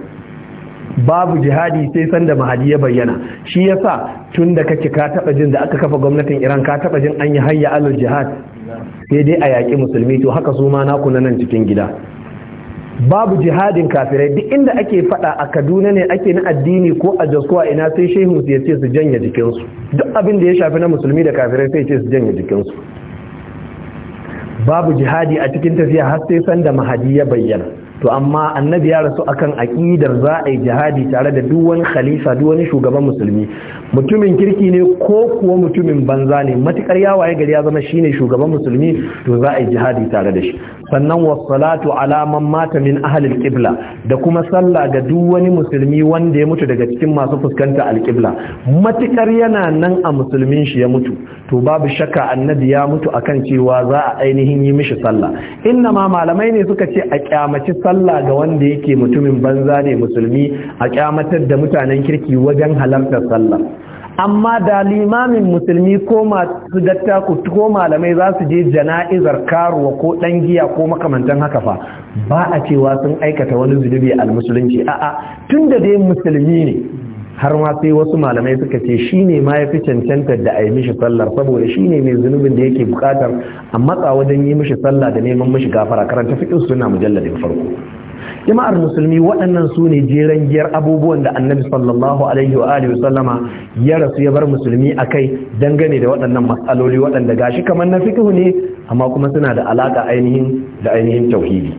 babu jihadi sai sanda mahadi ya bayyana shi yasa tun da kake ka taba jin da aka kafa gwamnatin iran ka taba jin an yi hayya alal jihad sai dai a yaki musulmi to haka su ma na na nan cikin gida babu jihadin kafirai duk inda ake fada a kaduna ne ake na addini ko a jos ko a ina sai shehu ya ce su janye jikinsu duk abin da ya shafi na musulmi da kafirai sai ce su janye jikinsu babu jihadi a cikin tafiya har sai sanda mahadi ya bayyana to amma annabi ya rasu akan aƙidar za a yi jihadi tare da duk wani khalifa duk wani shugaban musulmi mutumin kirki ne ko kuwa mutumin banza ne matukar yawaye gari ya zama shi ne shugaban musulmi to za a yi jihadi tare da shi sannan wasu salatu alaman mata min ahalil alqibla da kuma sallah ga duk wani musulmi wanda ya mutu daga cikin masu fuskanta alkibla matukar yana nan a musulmin shi ya mutu to babu shakka annabi ya mutu akan cewa za a ainihin yi mishi sallah inna ma malamai ne suka ce a kyamaci sallah ga wanda yake mutumin banza ne musulmi a kyamatar da mutanen kirki wajen halartar sallah amma da limamin musulmi ko masu dattaku ko malamai za su je jana'izar karuwa ko ɗan giya ko makamantan haka fa ba a cewa sun aikata wani zunubi a almusulunci a'a tun da dai musulmi ne har ma sai wasu malamai suka ce shi ne ma ya fi cancanta da a yi mishi sallar saboda shi ne mai zunubin da yake bukatar a matsa wajen yi mishi sallah da neman mishi gafara karanta fiƙin suna mujalladin farko jama'ar musulmi waɗannan su ne jeren giyar abubuwan da annabi sallallahu alaihi wa alihi sallama ya rasu ya bar musulmi a kai dangane da waɗannan matsaloli waɗanda gashi kamar na fikihu ne amma kuma suna da alaƙa ainihin da ainihin tauhidi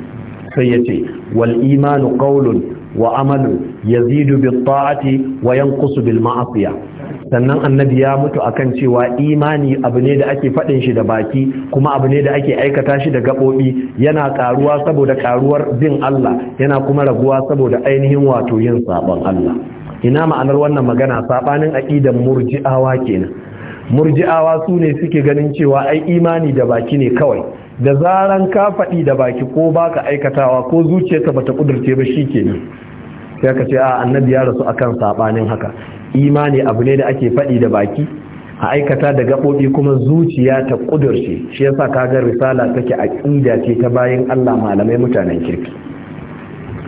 sai ya ce wal imanu qawlun wa amalu yazidu bil ta'ati wa yanqusu bil ma'asiya sannan annabi ya mutu akan cewa imani abu ne da ake faɗin shi da baki kuma abu ne da ake aikata shi da gaɓoɓi yana ƙaruwa saboda ƙaruwar bin Allah yana kuma raguwa saboda ainihin wato yin saɓon Allah ina ma'anar wannan magana saɓanin aƙidan murji'awa kenan murji'awa su ne suke ganin cewa ai imani da baki ne kawai da zaran ka faɗi da baki ko baka aikatawa ko zuciyarka bata kudurce ba shi kenan sai ka ce a annabi ya rasu akan saɓanin haka imani abu ne da ake faɗi da baki a aikata da gaɓoɓi kuma zuciya ta ƙudurce shi yasa kaga risala take aƙida ce ta bayan Allah malamai mutanen kirki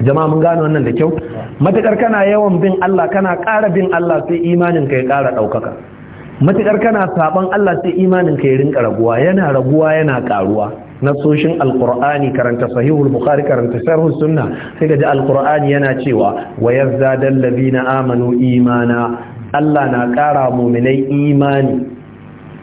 jama'a mun gano wannan da kyau matakar kana yawan bin Allah kana ƙara bin Allah sai imanin ka ya ƙara ɗaukaka matakar kana saban Allah sai imanin ka ya rinka raguwa yana raguwa yana ƙaruwa nasoshin alqur'ani karanta sahihul bukhari karanta sharh sunna sai ga alqur'ani yana cewa wa yazdadal ladina amanu imana Allah na ƙara muminai imani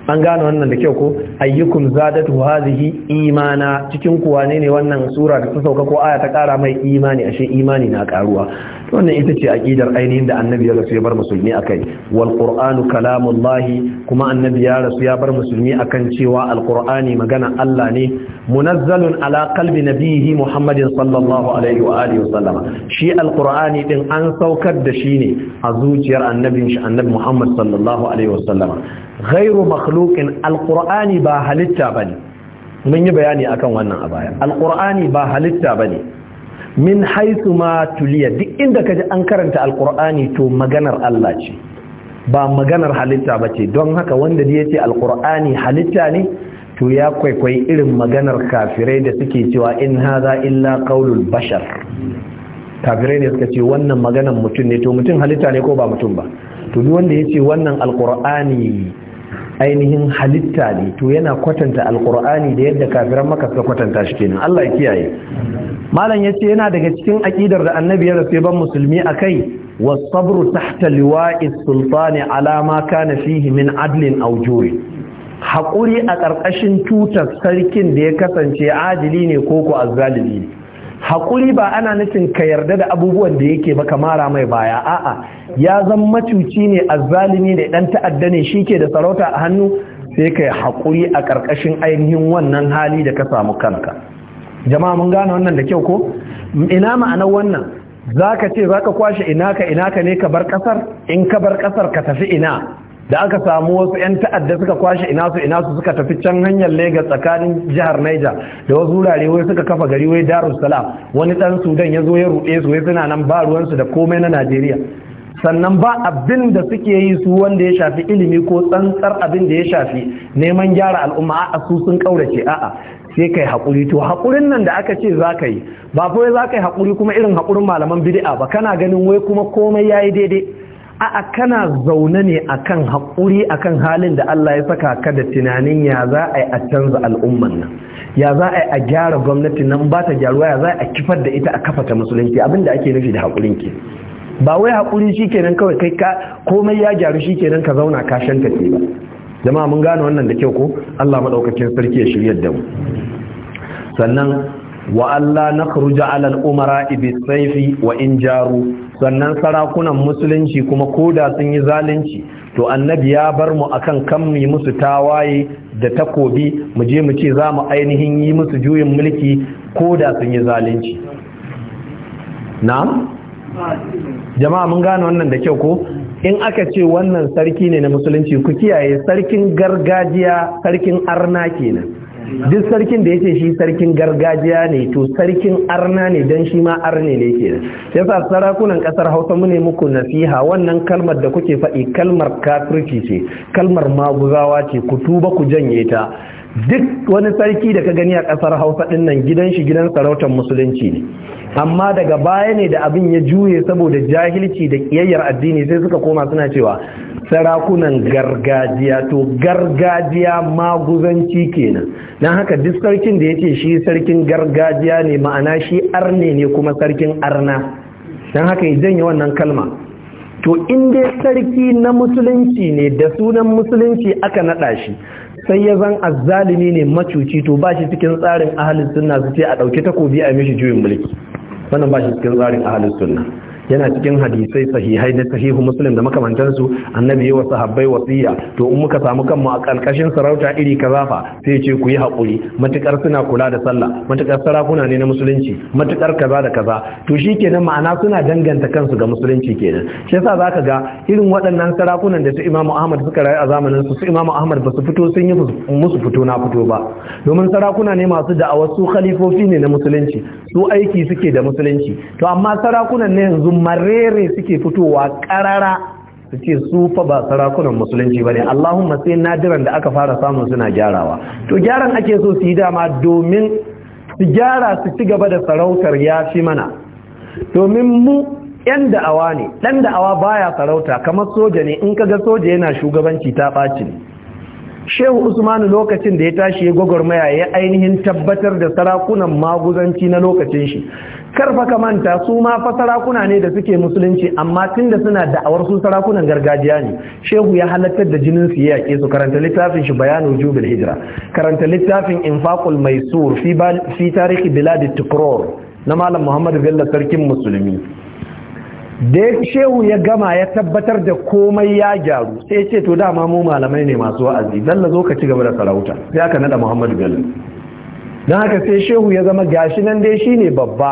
an gane wannan da kyau ko ayyukum zadatu hazihi imana cikin kuwa ne ne wannan sura da ta sauka ko aya ta kara mai imani ashe imani na karuwa wannan ita ce aqidar ainihin da annabi ya rasu ya bar musulmi akai wal qur'anu kalamullahi kuma annabi ya rasu ya bar musulmi akan cewa al qur'ani magana Allah ne munazzalun ala qalbi nabihi muhammadin sallallahu alaihi wa alihi shi al qur'ani din an saukar da shi ne a zuciyar annabin shi annabi muhammad sallallahu alaihi wasallama ghairu makhluqin al qur'ani ba halitta bane mun yi bayani akan wannan a baya al qur'ani ba halitta bane min haisu ma tuliya duk inda kaji an karanta alkur'ani to maganar Allah ce ba maganar halitta ba ce don haka wanda ya ce alkur'ani halitta ne to ya kwaikwayi irin maganar kafirai da suke cewa in haza illa qaulul bashar kafirai ne suka ce wannan maganar mutum ne to mutum halitta ne ko ba mutum ba to duk wanda ya ce wannan alkur'ani ainihin halitta ne to yana kwatanta alkur'ani da yadda kafiran maka suka kwatanta shi kenan Allah ya kiyaye malam yace yana daga cikin aqidar da annabi ya rafe ban musulmi akai was-sabru tahta liwa'i sultani ala ma kana fihi min adlin aw juri hakuri a karkashin tutar sarkin da ya kasance adili ne koko ko azzalimi haƙuri ba ana nufin ka yarda da abubuwan da yake ba mara mai baya a'a ya zan macuci ne azzalimi da dan ta'adda ne shi ke da sarauta a hannu sai ka haƙuri a ƙarƙashin ainihin wannan hali da ka samu kanka jama'a mun gane wannan da kyau ko ina ma'anar wannan zaka ce zaka kwashe ina ka ina ka ne ka bar ƙasar in ka bar ƙasar ka tafi ina da aka samu wasu 'yan ta'adda suka kwashe inasu su ina su suka tafi can hanyar Legas tsakanin jihar Niger da wasu wurare wai suka kafa gari wai Salaam wani dan Sudan ya zo ya ruɗe su wai suna nan ba ruwan su da komai na Najeriya sannan ba abin da suke yi su wanda ya shafi ilimi ko tsantsar abin da ya shafi neman gyara al'umma a su sun kaurace a'a sai kai haƙuri to hakurin nan da aka ce za ka yi ba fa za ka yi hakuri kuma irin hakurin malaman bid'a ba kana ganin wai kuma komai yayi daidai a'a kana zaune ne a kan haƙuri akan halin da Allah ya saka ka da tunanin ya za a yi a canza al'umman nan ya za a yi a gyara gwamnati nan ba ta gyaruwa ya za a kifar da ita a kafa ta musulunci abin da ake nufi da haƙurin ke ba wai haƙuri shi kenan kawai kai ka komai ya gyaru shi kenan ka zauna ka shanta ce ba jama'a mun gane wannan da kyau ko Allah maɗaukakin sarki ya shirya da mu sannan wa Allah na kharuja alal umara ibi saifi, wa in jaru sannan sarakunan musulunci kuma koda sun yi zalunci to annabi ya bar mu akan kan mu musu tawaye da takobi mu je mu ce za mu ainihin yi musu juyin mulki koda sun yi zalunci na'am jama'a mun gane wannan da kyau ko in aka ce wannan sarki ne na musulunci ku kiyaye sarkin gargajiya sarkin arna kenan duk sarkin da yace shi sarkin gargajiya ne to sarkin arna ne dan shi ma arne ne ke yasa sarakunan kasar Hausa mu ne muku nasiha wannan kalmar da kuke faɗi kalmar kafirci ce kalmar maguzawa ce ku tuba ku janye ta duk wani sarki da ka gani a kasar hausa din nan gidan shi gidan sarautar musulunci ne amma daga baya ne da abin ya juye saboda jahilci da kiyayyar addini sai suka koma suna cewa sarakunan gargajiya to gargajiya maguzanci kenan don haka duk sarkin da ya ce shi sarkin gargajiya ne ma'ana shi arne ne kuma sarkin arna don haka ya janye wannan kalma to in dai sarki na musulunci ne da sunan musulunci aka naɗa shi sai ya zan azzalimi ne macuci to ba shi cikin tsarin ahalin sunna su ce a ɗauki takobi a mishi juyin mulki wannan ba shi cikin tsarin ahalin sunna yana cikin hadisai sahihai na sahihu muslim da makamantansu annabi yi wa sahabbai wasiya to in muka samu kanmu a kalkashin sarauta iri kaza sai ce ku yi haƙuri matukar suna kula da sallah matukar sarakuna ne na musulunci matukar kaza da kaza to shi kenan ma'ana suna danganta kansu ga musulunci kenan shi yasa ka ga irin waɗannan sarakunan da su imamu Ahmad suka rayu a zamanin su su imamu Ahmad ba su fito sun yi musu fito na fito ba domin sarakuna ne masu da'awar su khalifofi ne na musulunci su aiki suke da musulunci to amma sarakunan na yanzu marere suke fitowa karara suke ce su fa ba sarakunan musulunci ba ne. Allahumma sai nadiran da aka fara samun suna gyarawa to gyaran ake so su yi dama domin su gyara su ci gaba da sarautar ya fi mana domin mu yan da'awa ne dan da'awa baya sarauta kamar soja ne in kaga soja yana shugabanci ta ɓaci ne shehu usmanu lokacin da ya tashi ya gwagwarmaya ya ainihin tabbatar da sarakunan maguzanci na lokacin shi karfa ka manta su ma fa sarakuna ne da suke musulunci amma tun da suna da'awar su sarakunan gargajiya ne shehu ya halattar da jinin su ya ke su karanta littafin shi bayanu jubil hijra karanta littafin Mai maisur fi tarihi bilad tukror na malam Muhammadu bello sarkin musulmi da shehu ya gama ya tabbatar da komai ya gyaru sai ce to dama mu malamai ne masu wa'azi na zo ka ci gaba da sarauta sai aka nada muhammadu bello don haka sai shehu ya zama gashi nan dai ne babba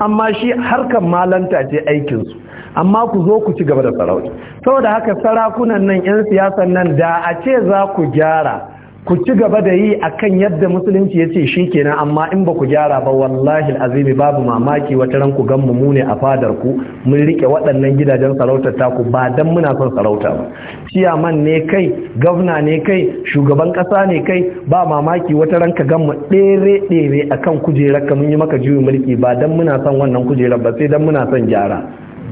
amma shi harkan malanta ce aikinsu amma ku zo ku ci gaba da sarauta saboda haka sarakunan nan 'yan siyasan nan da a ce za ku gyara ku ci gaba da yi a kan yadda musulunci ya ce shi kenan amma in ba ku gyara ba wallahi azimi babu mamaki wata ran ku gan mu ne a fadar ku mun rike waɗannan gidajen sarautar taku ba dan muna son sarauta ba ciyaman ne kai gwamna ne kai shugaban ƙasa ne kai ba mamaki wata ran ka gan mu ɗere ɗere kan kujerar ka mun yi maka juyin mulki ba dan muna son wannan kujerar ba sai dan muna son gyara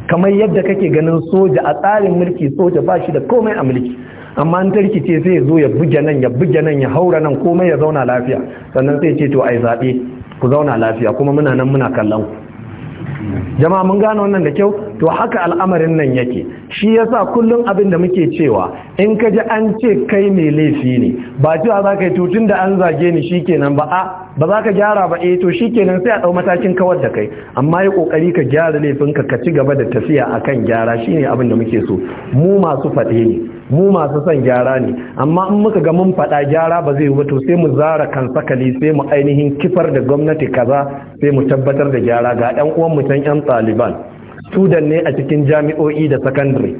kamar yadda kake ganin soja a tsarin mulki soja ba shi da komai a mulki amma an tarkice sai ya zo ya buge nan ya buge nan ya haura nan komai ya zauna lafiya sannan sai ce to ai zaɓe ku zauna lafiya kuma muna nan muna kallon ku jama'a mun gane wannan da kyau to haka al'amarin nan yake shi yasa kullum abin da muke cewa in ka ji an ce kai mai laifi ne ba cewa za ka yi tutun da an zage ni shikenan ba a ba za ka gyara ba eh to shi kenan sai a dau matakin kawar da kai amma ya kokari ka gyara laifin ka ka ci gaba da tafiya akan gyara shine abin da muke so mu masu faɗe ne mu masu son gyara ne amma in muka ga mun faɗa gyara ba zai wato sai mu zara kan sakali sai mu ainihin kifar da gwamnati kaza sai mu tabbatar da gyara ga 'yan uwan mu can 'yan ɗaliban student ne a cikin jami'o'i da secondary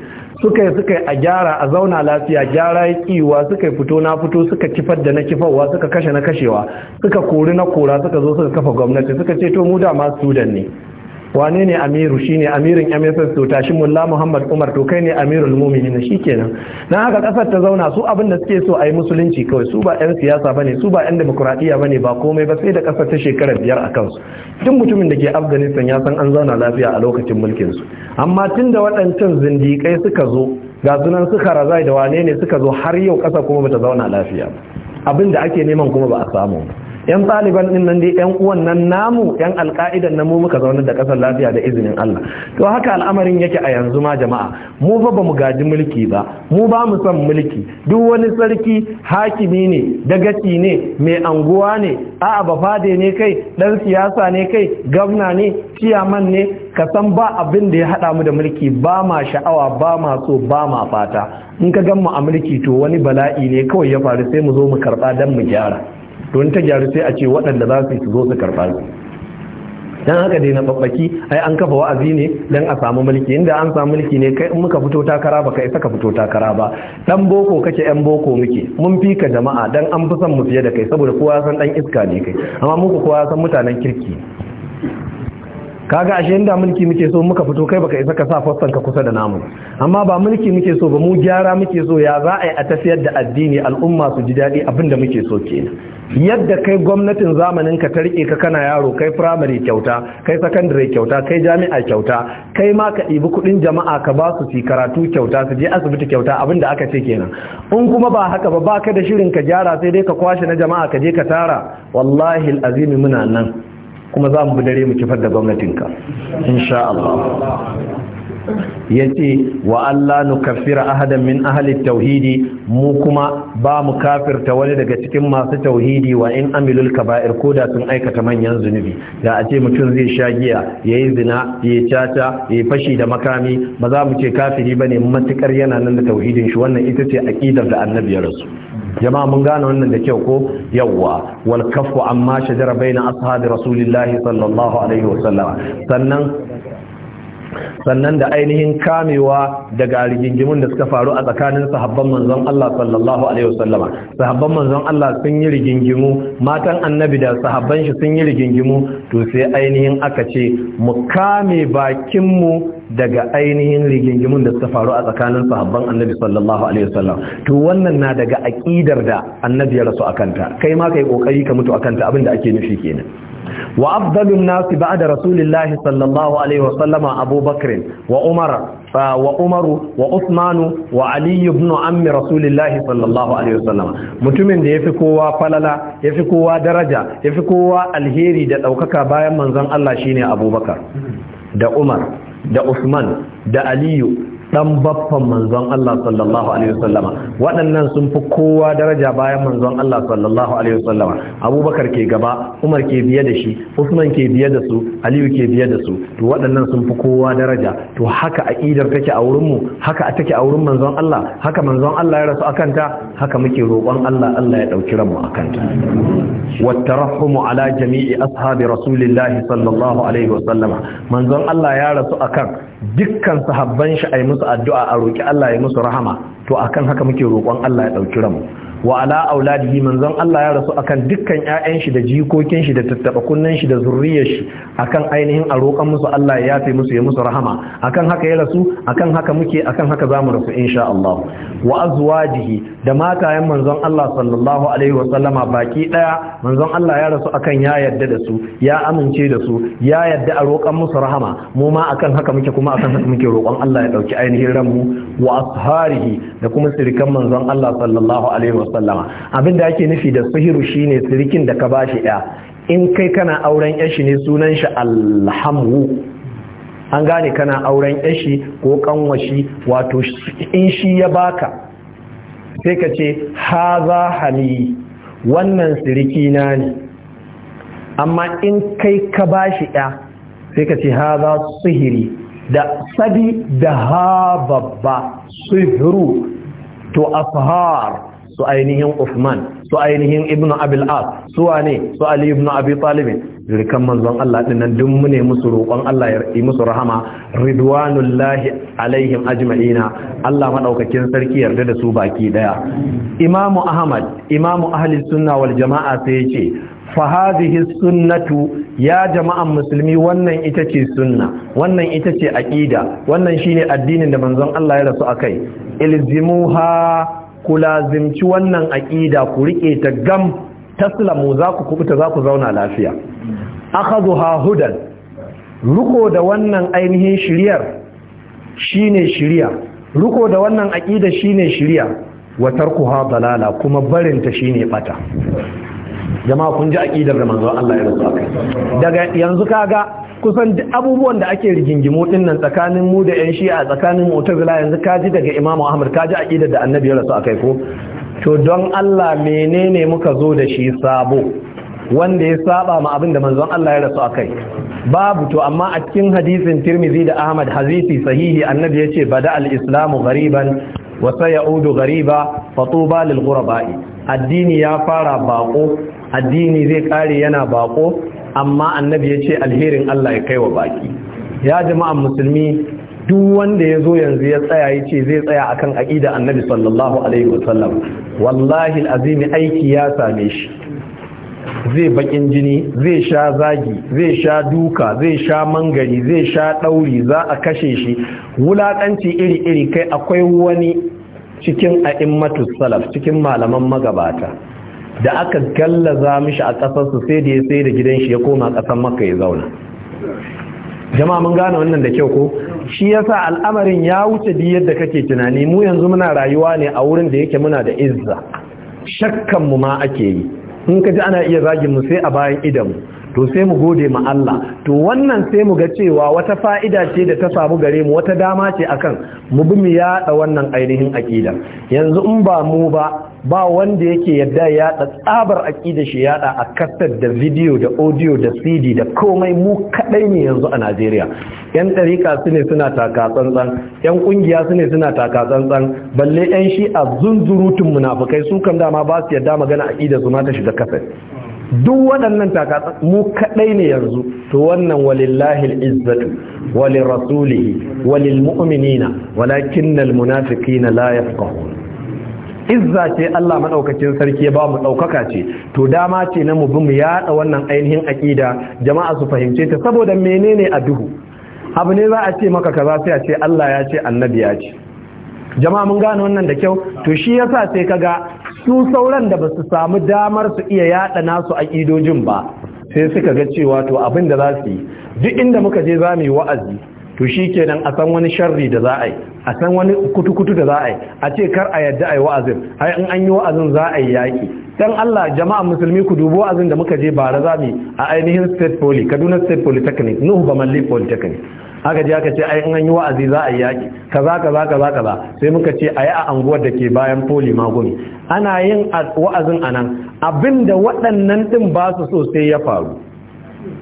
suka yi suka a gyara a zauna lafiya gyara ya kiwa suka yi fito na fito suka kifar da na kifarwa suka kashe na kashewa suka kori na kora suka zo suka kafa gwamnati suka ce to mu dama student ne wane ne amiru shine amirin MSS to tashi mulla Muhammad Umar to kai ne amirul mu'minin shikenan dan haka kasar ta zauna su abin da suke so a yi musulunci kawai su ba yan siyasa bane su ba yan demokradiya bane ba komai ba sai da kasar ta shekara biyar a kansu duk mutumin da ke Afghanistan ya san an zauna lafiya a lokacin mulkin su amma da waɗancan zindikai suka zo ga sunan suka razai da wane ne suka zo har yau kasa kuma bata zauna lafiya abin da ake neman kuma ba a samu ba yan ɗaliban ɗin nan dai yan uwan nan namu yan alka'idan namu muka zaune da ƙasar lafiya da izinin Allah to haka al'amarin yake a yanzu ma jama'a mu ba bamu gaji mulki ba mu ba mu son mulki duk wani sarki hakimi ne dagaci ne mai anguwa ne a'a ba fade ne kai ɗan siyasa ne kai gwamna ne ciyaman ne ka san ba abin da ya haɗa mu da mulki ba ma sha'awa ba ma so ba ma fata in ka gan mu a mulki to wani bala'i ne kawai ya faru sai mu zo mu karba dan mu gyara don ta gyaru sai a ce waɗanda za su zo su karɓa su dan haka dai na babbaki ai an kafa wa'azi ne dan a samu mulki inda an samu mulki ne kai in muka fito takara ba kai saka fito takara ba ɗan boko kake yan boko muke mun fi ka jama'a dan an fi son mu fiye da kai saboda kowa san dan iska ne kai amma muku kowa san mutanen kirki kaga ashe inda mulki muke so muka fito kai baka isa ka sa fassan ka kusa da namu amma ba mulki muke so ba mu gyara muke so ya za a yi a tafiyar da addini al'umma su ji daɗi abinda muke so ke. yadda kai gwamnatin zamanin ka ta rike ka kana yaro kai firamare kyauta kai sakandare kyauta kai jami'a kyauta kai ma ka ɗibi kuɗin jama'a ka ba su ci karatu kyauta su je asibiti kyauta abinda aka ce kenan in kuma ba haka ba baka da shirin ka gyara sai dai ka kwashe na jama'a ka je ka tara wallahi al'azimi muna nan kuma za mu bi dare mu kifar da gwamnatinka insha Allah yace wa Allah nu kafira ahadan min ahli tauhidi mu kuma ba mu kafirta wani daga cikin masu tauhidi wa in amilul kaba'ir da sun aikata manyan zunubi da a ce mutum zai sha giya yayi zina yayi caca yayi fashi da makami ba za mu ce kafiri bane matukar yana nan da tauhidin shi wannan ita ce aqidar da annabi ya rasu jama'a mun gane wannan da kyau ko yawwa wal kafu amma shajara baina ashabi rasulillahi sallallahu alaihi wasallam sannan sannan da ainihin kamewa daga rigingimun da suka faru a tsakanin sahabban manzon Allah sallallahu alaihi wasallama sahabban manzon Allah sun yi rigingimu matan annabi da sahabban shi sun yi rigingimu to sai ainihin aka ce mu kame bakinmu daga ainihin rigingimun da suka faru a tsakanin sahabban annabi sallallahu alaihi wasallam to wannan na daga aqidar da annabi ya rasu akanta kai ma kai kokari ka mutu akanta abinda ake nufi kenan wa afdalun nasi ba'da rasulillahi sallallahu alaihi wa sallama abubakar wa umaru wa usmanu wa ali ibn ammi rasulillahi sallallahu alaihi wa sallama mutumin da yafi kowa falala yafi kowa daraja fi kowa alheri da ɗaukaka bayan manzon Allah shine abubakar da umar da usman da aliyu dan baffan manzon Allah sallallahu alaihi wasallama waɗannan sun fi kowa daraja bayan manzon Allah sallallahu alaihi wasallama Abubakar ke gaba Umar ke biye da shi Usman ke biye da su Aliyu ke biye da su to waɗannan sun fi kowa daraja to haka aqidar take a wurin mu haka take a wurin manzon Allah haka manzon Allah ya rasu akan haka muke roƙon Allah Allah ya dauki ranmu akan ta wattarahum ala jami'i ashabi rasulillahi sallallahu alaihi wasallama manzon Allah ya rasu akan dukkan sahabban shi ai musu addu'a a roƙi Allah ya musu rahama to akan haka muke roƙon Allah ya ɗauki ranmu wa ala auladihi manzon Allah ya rasu akan dukkan ƴaƴan shi da jikokin shi da tattaba kunnan shi da zurriyar shi akan ainihin a roƙan musu Allah ya yafe musu ya musu rahama akan haka ya rasu akan haka muke akan haka zamu rasu insha Allah wa azwajihi da matayen manzon Allah sallallahu alaihi wa sallama baki daya manzon Allah ya rasu akan ya yadda da su ya amince da su ya yadda a roƙan musu rahama mu ma akan haka muke kuma akan haka muke roƙon Allah ya dauki ainihin ranmu wa asharihi da kuma sirikan manzon Allah sallallahu alaihi wa wasallama abin da ake nufi da sihiru shine sirikin da ka bashi ya in kai kana auren yashi ne sunan shi alhamu an gane kana auren yashi ko kanwashi wato in shi ya baka sai ka ce haza hali wannan siriki na ne amma in kai ka bashi ɗaya sai ka ce haza sihiri da sabi da ha babba sihiru to afhar su ainihin usman su ainihin Ibn Abil As su wane su Ali ibn Abi Talib rikan manzon Allah din nan duk mune musu roƙon Allah ya yi musu rahama ridwanullahi alaihim ajma'ina Allah madaukakin sarki yarda da su baki daya Imam Ahmad Imam Ahli Sunna wal Jama'a sai yace fa hadhihi sunnatu ya jama'an musulmi wannan ita ce sunna wannan ita ce aqida wannan shine addinin da manzon Allah ya rasu akai ilzimuha ku lazimci wannan aƙida ku riƙe ta gam taslamu za ku kubuta za ku zauna lafiya ha hudan riko da wannan ainihin shiriyar shine shiriya riko da wannan aƙida shine shiriya wa ha dalala kuma barinta shine bata jama'a kun ji aƙidar da Allah ya rubuta daga yanzu kaga kusan duk abubuwan da ake rigingimu din nan tsakanin mu da yan shi'a tsakanin mu'tazila yanzu kaji daga imamu ahmad kaji aqidar da annabi ya rasu akai ko to don Allah menene muka zo da shi sabo wanda ya saba ma abin da manzon Allah ya rasu akai babu to amma a cikin hadisin Tirmidhi da Ahmad hadisi sahihi annabi yace bada al-islamu ghariban wa sayaudu ghariba tuba lil ghurabai addini ya fara bako addini zai kare yana bako amma annabi ya ce alherin Allah ya kai wa baki ya jama'a musulmi duk wanda ya zo yanzu ya tsaya ya ce zai tsaya akan aƙida annabi sallallahu alaihi wasallam wallahi azimi aiki ya same shi zai bakin jini zai sha zagi zai sha duka zai sha mangari zai sha ɗauri za a kashe shi wulaƙanci iri-iri kai akwai wani cikin a'immatus salaf cikin malaman magabata da aka gallaza mishi a ƙasarsu sai da ya sai da gidan shi ya koma ƙasar maka ya zauna jama'a mun gane wannan da kyau ko shi yasa al'amarin ya wuce bi yadda kake tunani mu yanzu muna rayuwa ne a wurin da yake muna da izza shakkan mu ma ake yi in ka ji ana iya zagin mu sai a bayan idan mu to sai mu gode ma Allah to wannan sai mu ga cewa wata fa'ida ce da ta samu gare mu wata dama ce akan mu bi mu yada wannan ainihin aqida yanzu in ba mu ba ba wanda yake yadda ya tsabar aqida shi yada a kasar da video da audio da CD da komai mu kadai ne yanzu a Najeriya yan ɗarika su ne suna taka tsantsan yan kungiya su ne suna taka tsantsan balle yan shi a zunzurutun munafukai su kan dama ba su yadda magana aqida su ma ta shiga kasar duk waɗannan takatsa mu kaɗai ne yanzu to wannan walillahi al'izzatu wali rasulihi walil mu'minina walakinnal munafiqina la yafqahun izza ce Allah madaukakin sarki ya ba mu daukaka ce to dama ce na mu bi mu yada wannan ainihin akida jama'a su fahimce ta saboda menene a duhu abu ne za a ce maka kaza sai a ce Allah ya ce annabi ya ce jama'a mun gane wannan da kyau to shi yasa sai kaga su sauran da ba su samu damar su iya yada nasu a idojin ba sai suka ga cewa to abin da za su yi duk inda muka je za mu yi wa'azi to shi kenan a san wani sharri da za a yi a san wani kutukutu da za a yi a ce kar a yadda a yi wa'azin ai in an yi wa'azin za a yi yaƙi dan Allah jama'a musulmi ku dubi wa'azin da muka je bara za mu a ainihin state poly Kaduna state polytechnic Nuhu Bamalli polytechnic aka ji aka ce ai in an yi wa'azi za a yi yaki kaza kaza kaza kaza sai muka ce yi a anguwar da ke bayan poli magumi ana yin wa'azin anan abinda waɗannan ɗin ba su so sai ya faru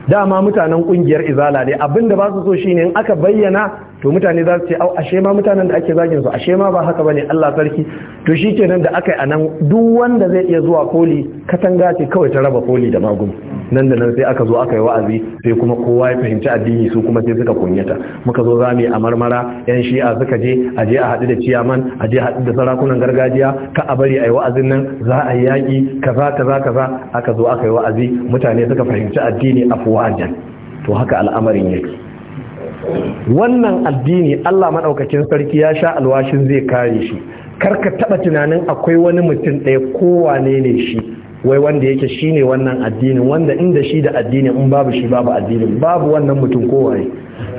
dama mutanen ƙungiyar izala ne abinda ba su so shine in aka bayyana to mutane za su ce au ashe ma mutanen da ake zagin su ashe ma ba haka bane Allah sarki to shi shikenan da aka yi anan duk wanda zai iya zuwa koli katanga ce kawai ta raba koli da magun nan da nan sai aka zo aka yi wa'azi sai kuma kowa ya fahimci addini su kuma sai suka kunyata muka zo za yi a marmara yan shi'a suka je a je a haɗu da ciyaman a je a haɗu da sarakunan gargajiya ka a bari a yi wa'azin nan za a yi yaƙi kaza kaza kaza aka zo aka yi wa'azi mutane suka fahimci addini afwajan to haka al'amarin yake wannan addini Allah maɗaukakin sarki ya sha alwashin zai kare shi karka taɓa tunanin akwai wani mutum ɗaya wane ne shi wai wanda yake shi ne wannan addinin wanda inda shi da addinin in babu shi babu addinin babu wannan mutum kowane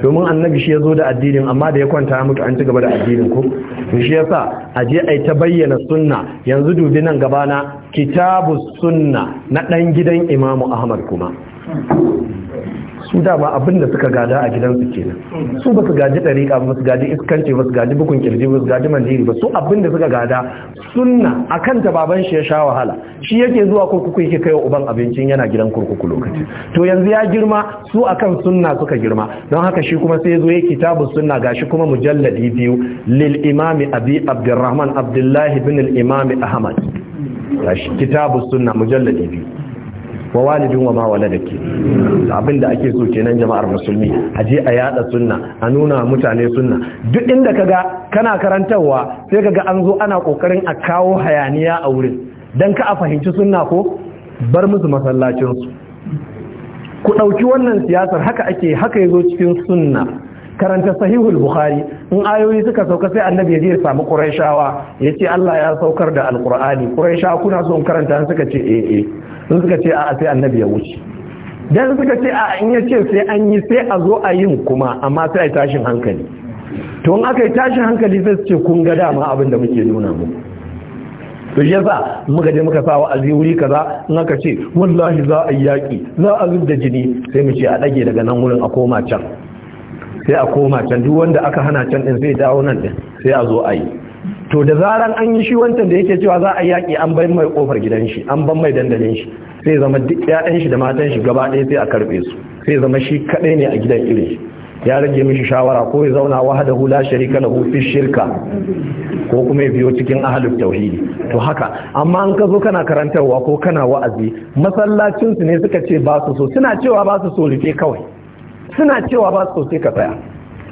domin annabi shi ya zo da addinin amma da ya kwanta mutu an ci gaba da addinin ko shi yasa a je a ta bayyana sunna yanzu dubi nan gaba na kitabu sunna na ɗan gidan imamu ahmad kuma su dama abinda suka gada a gidansu kenan su basu gaji ɗariƙa ba su gaji iskance ba su gaji bukun kirji ba su gaji mandiri ba su abinda suka gada sunna a kan ta baban shi ya sha wahala shi yake zuwa kurkuku yake kai wa uban abincin yana gidan kurkuku lokaci to yanzu ya girma su akan sunna suka girma don haka shi kuma sai zo ya kitabu sunna gashi kuma mujalladi biyu lil imami abi abdurrahman abdullahi bin al imami ahmad gashi kitabu sunna mujalladi biyu wa walidin wa ma walada abin ake so kenan jama'ar musulmi a je a yada sunna a nuna mutane sunna duk inda kaga kana karantarwa sai kaga an zo ana kokarin a kawo hayaniya a wurin dan ka a fahimci sunna ko bar musu masallacin su ku dauki wannan siyasar haka ake haka yazo cikin sunna karanta sahihul bukhari in ayoyi suka sauka sai annabi ya je ya samu ya yace Allah ya saukar da alqur'ani quraishawa kuna so karanta suka ce eh eh sun suka ce a'a sai annabi ya wuce dan suka ce a in ya ce sai an yi sai a zo a yin kuma amma sai a yi tashin hankali to in aka yi tashin hankali sai su ce kun ga dama abin da muke nuna mu to shi yasa muka je muka sa wa'azi wuri kaza in aka ce wallahi za a yaki za a zub jini sai mu ce a dage daga nan wurin a koma can sai a koma can duk wanda aka hana can din sai dawo nan din sai a zo a yi to da zarar an yi shi wancan da yake cewa za a yaƙi an bai mai ƙofar gidan shi an ban mai dandalin shi sai zama duk ƴaƴan shi da matan shi gaba ɗaya sai a karɓe su sai zama shi kaɗai ne a gidan irin shi ya rage mishi shawara ko ya zauna wa hada hula sharika lahu fi shirka ko kuma ya biyo cikin ahalif tauhidi to haka amma an ka zo kana karantarwa ko kana wa'azi masallacin su ne suka ce ba su so suna cewa ba su so rufe kawai suna cewa ba su so sai ka tsaya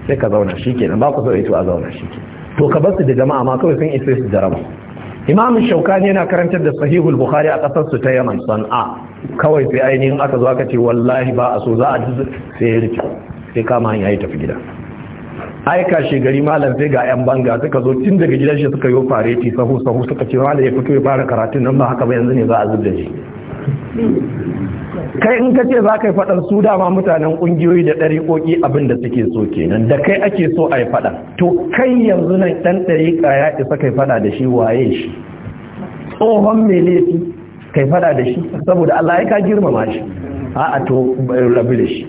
sai ka zauna shikenan ba ku so ito a zauna shikenan to ka basu da jama'a ma kawai sun isa su jaraba imam shaukani yana karantar da sahihul bukhari a kasar su ta yaman san'a kawai sai ainihin aka zo aka ce wallahi ba a so za a ji sai ya rike sai kama hanya ya tafi gida aika shi gari malam sai ga yan banga suka zo tun daga gidan shi suka yi fareti sahu sahu suka ce malam ya fito ya fara karatun nan ba haka ba yanzu ne za a zubda shi kai in ka ce za ka yi faɗar su dama mutanen ƙungiyoyi da ɗariƙoƙi abin da suke so kenan da kai ake so a yi faɗa to kai yanzu nan ɗan ɗariƙa ya isa kai faɗa da shi waye shi tsohon mai laifi kai faɗa da shi saboda Allah ya ka girmama shi a a to rabu shi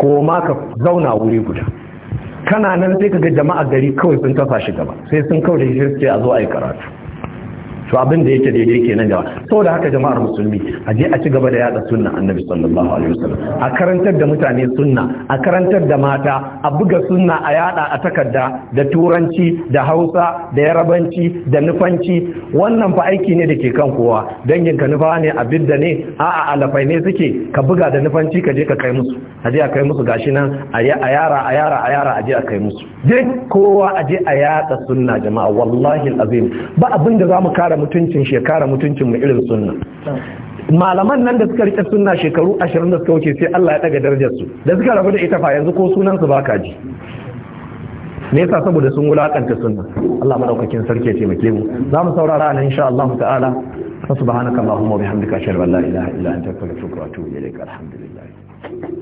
ko ma ka zauna wuri guda kana nan sai ka ga jama'a gari kawai sun kafa shi gaba sai sun kawai da shi a zo a yi karatu to abin da yake daidai kenan jama'a saboda haka jama'ar musulmi a je a ci gaba da yada sunna annabi sallallahu alaihi wasallam a karantar da mutane sunna a karantar da mata a buga sunna a yada a takarda da turanci da hausa da yarabanci da nufanci wannan fa aiki ne da ke kan kowa dangin ka nufa ne a bidda ne a'a alafai ne suke ka buga da nufanci ka je ka kai musu a je a kai musu gashi nan a yara a yara a yara a je a kai musu duk kowa a je a yada sunna jama'a wallahi alazim ba abin da mu kare mutuncin shekara mutuncin mu irin sunna malaman nan da suka rike sunna shekaru ashirin da suka wuce sai Allah ya daga darajar su da suka rabu da ita fa yanzu ko sunan su baka ji me yasa saboda sun wulakanta sunna Allah madaukakin sarki ya taimake mu za mu saurara nan insha Allah ta'ala subhanaka allahumma wa bihamdika ashhadu an la ilaha illa anta astaghfiruka wa atubu ilaik alhamdulillah